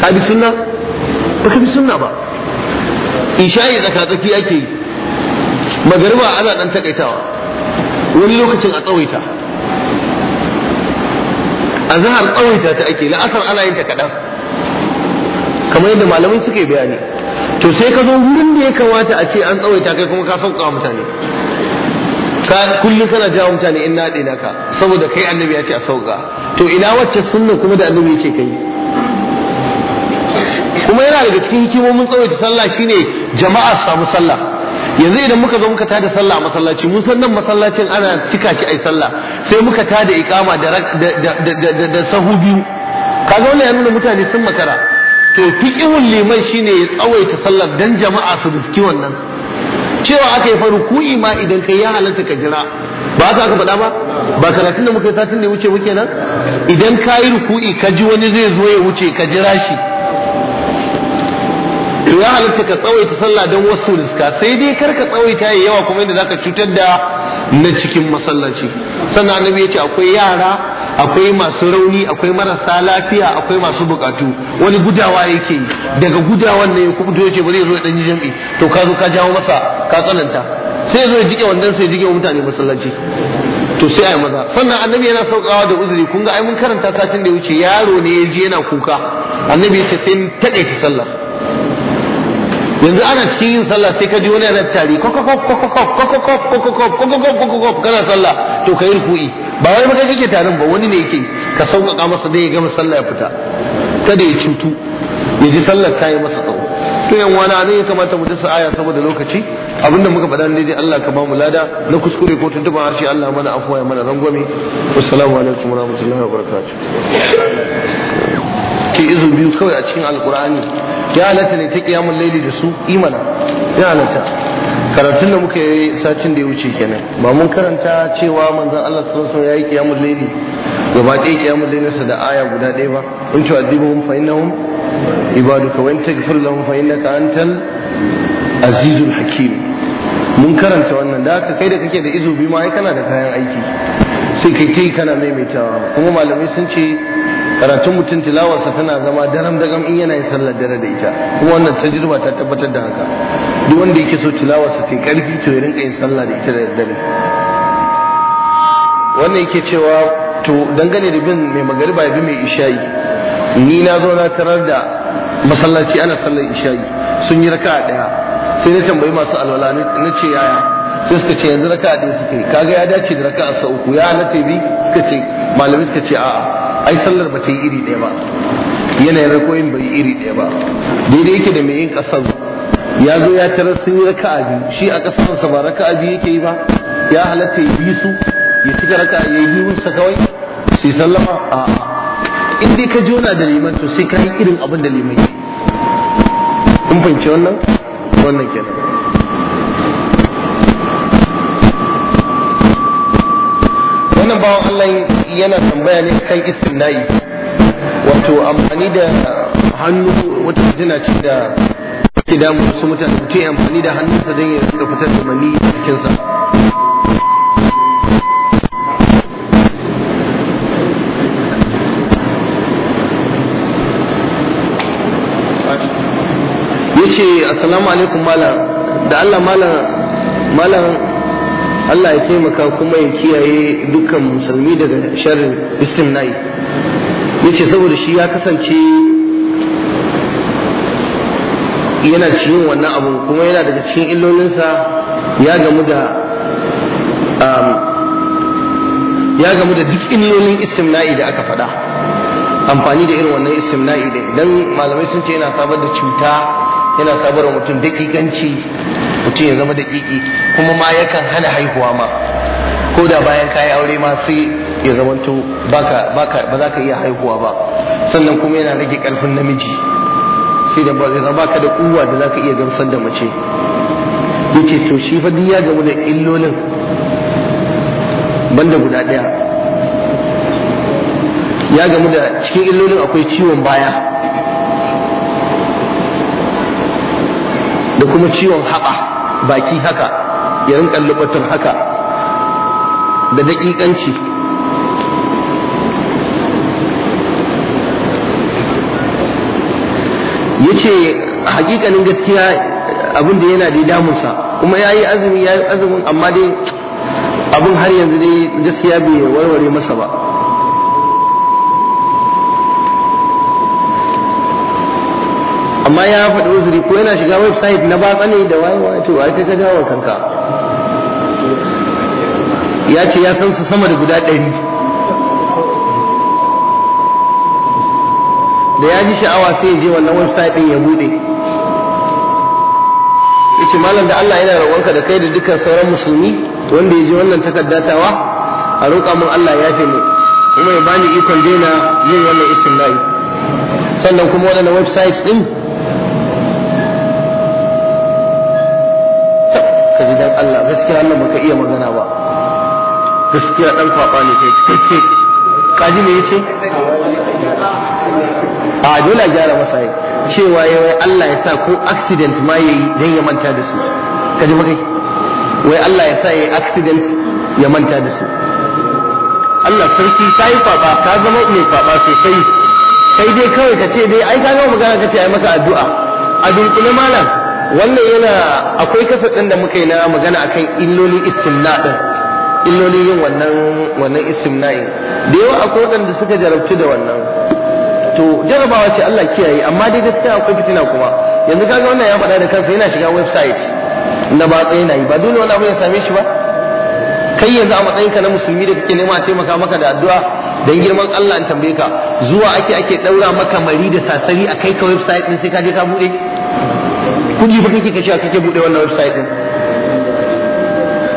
ka bi sunna ba ka bi sunna ba isha'i tsakatsaki ake yi magariba ana ɗan takaitawa wani lokacin a tsawaita a zahar tsawaita ta ake la'asar ana yin ta kaɗan kamar yadda malamai suke bayani to sai ka zo wurin da ya kamata a ce an tsawaita kai kuma ka sauƙa mutane kullum kana jawo mutane in naɗe naka saboda kai annabi ya ce a sauka to ina wacce sunna kuma da annabi ya ce kai kuma yana daga cikin hikimomin tsawaita sallah shine jama'a samu sallah yanzu idan muka zo muka tada sallah a masallaci mun san nan masallacin ana cika shi ai sallah sai muka tada iqama da da sahu biyu kaga wannan ya nuna mutane sun makara to fiqhul liman shine ya tsawaita sallah dan jama'a su riski wannan cewa aka yi faru faruku'i ma idan kai ya halatta ka jira ba ka aka faɗa ba ba karatun da muka yi satin da ya wuce muke nan idan ka yi ruku'i ka ji wani zai zo ya wuce ka jira shi to ya halatta ka tsawaita sallah don wasu riska sai dai kar ka tsawaita yi yawa kuma inda zaka cutar da na cikin masallaci sannan annabi yace akwai yara akwai masu rauni akwai marasa lafiya akwai masu bukatu wani gudawa yake daga gudawan ne ya yace ba zai zo ya dan jami'i to ka zo ka jawo masa ka tsananta sai zo ya jike wannan sai jike mutane masallaci to sai ayi maza sannan annabi yana saukawa da uzuri kun ga ai mun karanta satin da wuce yaro ne ya je yana kuka annabi ya ce sai in taɗe ta sallah yanzu ana cikin yin sallah sai ka ji wani yana tari kana sallah to ka yi ruku'i ba wai maka kake ba wani ne yake ka sauƙaƙa masa dai ya gama ya fita ya cutu sallar ta yi masa tsawo to yan ya kamata mu ji sa'aya saboda lokaci abinda muka faɗa ne dai Allah ka ba mu lada na kuskure ko tuntuban harshe Allah mana afuwa ya mana rangwame assalamu alaikum warahmatullahi wabarakatuh ke izu biyu kawai a cikin alqur'ani ya halatta ne ta kiyamul laili da su imana ya halatta karatun da muka yi satin da ya wuce kenan ba mun karanta cewa manzon Allah sallallahu alaihi ya yi kiyamul laili gaba ɗaya laili sa da aya guda ɗaya ba in ci adibuhum fa innahum ibaduka wa in taghfir lahum fa innaka antal azizul hakim mun karanta wannan da haka kai da kake da izo biyu ma ai kana da kayan aiki sai kai kai kana maimaitawa kuma malamai sun ce karatun mutum tilawarsa tana zama daram dagam in yana yin sallar dare da ita kuma wannan tajriba ta tabbatar da haka duk wanda yake so tilawarsa ta karfi to ya rinka yin sallah da ita da dare wannan yake cewa to dangane da bin mai magariba ya bi mai isha'i ni na zo na tarar da masallaci ana sallar ishayi sun yi raka a daya sai na tambayi masu alwala na ce yaya sai suka ce yanzu raka'a ɗaya suke kaga ya dace da raka sa uku ya na tebi suka ce Malamin suka ce a'a ai sallar ba ta yi iri ɗaya ba yanayin rakoyin bai iri ɗaya ba daidai yake da mai yin ƙasar ya zo ya tarar sun yi raka a biyu shi a ƙasarsa ba raka a biyu yake yi ba ya halatta ya bi su ya cika raka ya yi biyu sa kawai su yi sallama a'a in dai ka jona da liman to sai ka yi irin abin da liman yi kun fahimci wannan wannan kenan wannan bawon Allah yana tambaya ne kan istimna'i wato amfani da hannu wata jina ce da ke damu wasu mutane mutum amfani da hannunsa don ya fitar da mani cikinsa assalamu alaikum malam da Allah malam malam Allah ya taimaka kuma ya kiyaye dukkan musulmi daga sharrin istimnai yace saboda shi ya kasance yana cikin wannan abu kuma yana daga cikin illolinsa ya gamu da um, ya gamu da duk illolin istimna'i da aka faɗa amfani da irin wannan istimna'i da idan malamai sun ce yana sabar da cuta yana sabar mutum daƙiƙanci mutum ya zama daƙiƙi kuma ma yakan hana haihuwa ma ko da bayan kayi aure ma sai ya zama to ba za ka iya haihuwa ba sannan kuma yana rage ƙarfin namiji sai da ba ka da kuwa da za ka iya gamsar da mace ce to shi fa ya gamu da illolin banda guda ɗaya ya gamu da cikin illolin akwai ciwon baya da kuma ciwon haɓa baki haka ya rinka lubatun haka da daƙiƙanci ya ce haƙiƙanin gaskiya abin da yana da damunsa kuma ya yi azumi ya yi azumin amma dai abin har yanzu dai gaskiya bai warware masa ba amma ya faɗi uzuri ko yana shiga website na batsa ne da waye waye to ai kai ka dawo kanka ya ce ya san su sama da guda ɗari da ya ji sha'awa sai ya je wannan website ɗin ya buɗe yace malam da Allah yana roƙonka da kai da dukkan sauran musulmi wanda ya ji wannan takaddatawa a roƙa mun Allah ya fi mu kuma ya bani ikon daina yin wannan istimla'i sannan kuma waɗannan websites ɗin iya magana ba gaskiya dan kwaba ne kai cikakke kaji me yace a dole gyara masa yi cewa ya wai Allah ya sa ko accident ma yayi dan ya manta da su kaji ma kai wai Allah ya sa yayi accident ya manta da su Allah sarki yi kwaba ka zama mai kwaba sosai sai dai kawai ka ce dai ai ka ga magana ka ai maka addu'a a dunkule malam wannan yana akwai kasafin da muka yi na magana akan illolin istimna din illolin yin wannan wannan istimna'in da yawa akwai waɗanda suka jarabtu da wannan to jarabawa ce Allah kiyaye amma dai gaskiya akwai fitina kuma yanzu kaga wannan ya faɗa da kansa yana shiga website na ba tsaye na yi ba dole wani abu ya same shi ba kai yanzu a matsayin ka na musulmi da kake nema a taimaka maka da addu'a dan girman Allah an tambaye ka zuwa ake ake daura maka mari da sasari a kai ka website din sai ka je ka bude kuɗi ba kake ka kake buɗe wannan website din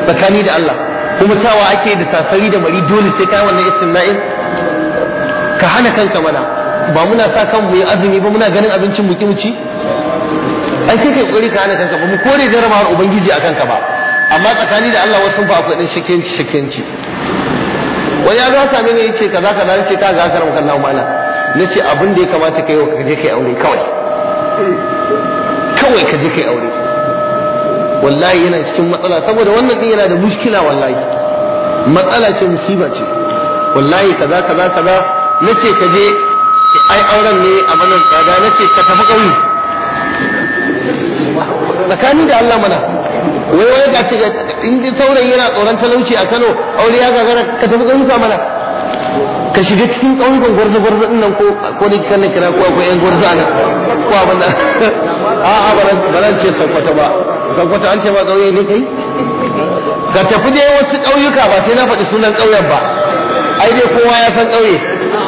tsakani da Allah kuma tawa ake da sasari da mari dole sai kai wannan istimna'in ka hana kanka mana ba muna sa kan mu yi azumi ba muna ganin abincin mu kimci ai sai kai kokari ka hana kanka ba mu kore jarabawar ubangiji a ka ba amma tsakani da Allah wasu ba akwai din shikenci shikenci wani ya zo same ni yace kaza kaza yace ka ga karam kallahu mala nace abin da ya kamata kai ka je kai aure kawai kawai ka je kai aure wallahi yana cikin matsala saboda wannan din yana da mushkila wallahi matsala ce musiba ce wallahi kaza kaza kaza nace ka je ai auren ne a manan tsada nace ka tafi kauye tsakanin da Allah mana wai wai ga ce in saurayi yana tsoron talauci a Kano aure ya gagara ka tafi ƙauyuka mana ka shiga cikin ƙauyukan gwarzo gwarzo din nan ko ko ne kan kira ko akwai ƴan gwarzo a ko abin da a a ba ran ce sankwata ba sankwata an ce ba ƙauye ne kai ka tafi dai wasu ƙauyuka ba sai na faɗi sunan ƙauyen ba ai dai kowa ya san ƙauye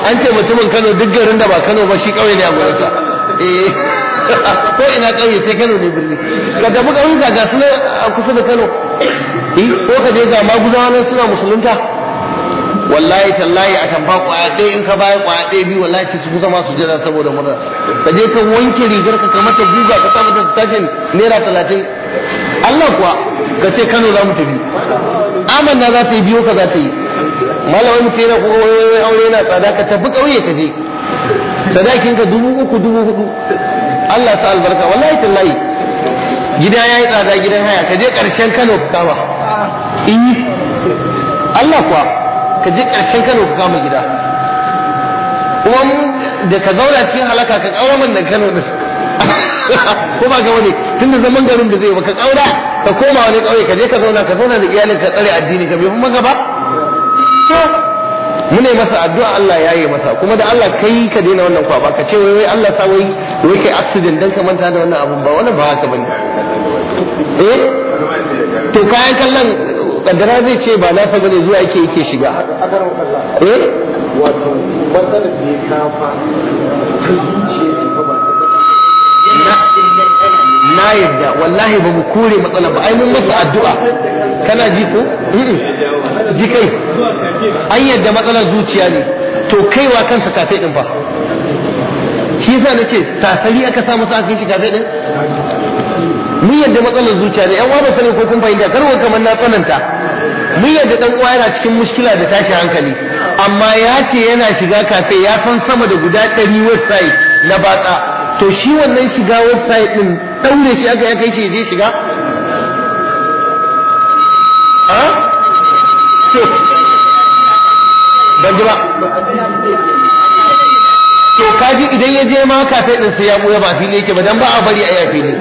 an ce mutumin Kano duk garin da ba Kano ba shi ƙauye ne a gurinsa eh ko ina ƙauye sai Kano ne birni ka tafi ƙauyuka ga sunan a kusa da Kano eh, ko ka je ga maguzawa nan suna musulunta wallahi tallahi a tamfa kwaɗe in ka bayar kwaɗe biyu wallahi ki su kusa ma sujada saboda murna ka je ka wanke rigar ka kamata guga ka samu da tashin naira talatin Allah kuwa ka ce Kano za mu tafi amanna za ta yi biyo ka za ta yi malamai mu ce na kuma aure na tsada ka tafi ƙauye ka je sadakin ka dubu uku dubu hudu Allah ta albarka wallahi tallahi gida ya yi tsada gidan haya ka je ƙarshen Kano ka kama in eh. Allah kuwa ka je ƙarshen Kano ka kama gida kuma da ka zauna cikin halaka ka ƙaura man nan Kano din ko ba ga wani tun da zaman garin da zai ba ka ƙaura ka koma wani ƙauye ka je ka zauna ka zauna da iyalin ka tsare addini ka bai fi maka ba mune masa addu'a Allah ya yi masa kuma da Allah kai ka daina wannan kwaba ka ce wai wai Allah sa wai wai kai accident dan ka manta da wannan abun ba wannan ba haka bane eh to kayan kallon kaddara zai ce ba lafa bane zuwa yake yake shiga eh wato matsalar da ya kafa na yadda wallahi ba mu kure matsala ba ai mun masa addu'a kana ji ko ji kai an yadda matsalar zuciya ne to kaiwa kansa kafe din ba shi yasa ce tasari aka sa masa akan shi kafe din mun yadda matsalar zuciya ne yan uwa ba sani ko kun fahimta karwa kamar na tsananta mun yadda dan uwa yana cikin mushkila da tashi hankali amma ya ce yana shiga kafe ya san sama da guda ɗari website na batsa to shi wannan shiga website din daure shi aka ya kai shi je shiga ha? ba kaji idan ya je ma kafe din sai ya buya ba fili yake ba dan ba a bari a yafe ne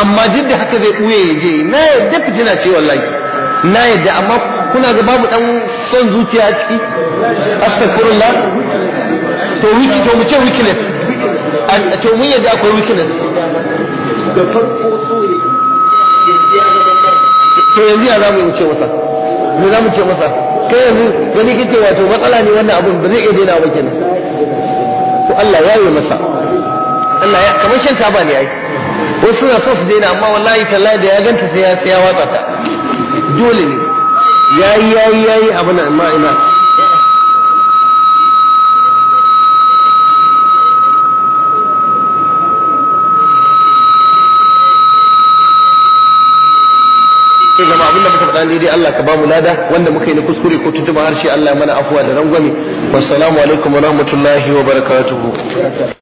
amma duk da haka zai buya ya je na yadda fitina ce wallahi na yadda amma kuna ga babu dan son zuciya a ciki astagfirullah to wiki to mu ce weakness to mun yadda akwai weakness da farko so ne to yanzu ya zamu mu ce masa mu zamu ce masa kai yanzu gani kike wato matsala ne wannan abun ba zai iya daina ba kenan to Allah ya yi masa Allah ya kamar shan taba ne ai wasu na so su daina amma wallahi tallahi da ya ganta sai ya sai ya watsa ta dole ne yayi yayi yayi abin amma ina sai zama abinda muka faɗa daidai Allah ka bamu lada wanda muka yi na kuskure ko tuntuba harshe Allah mana afuwa da rangwame wassalamu alaikum wa rahmatullahi wa barakatuhu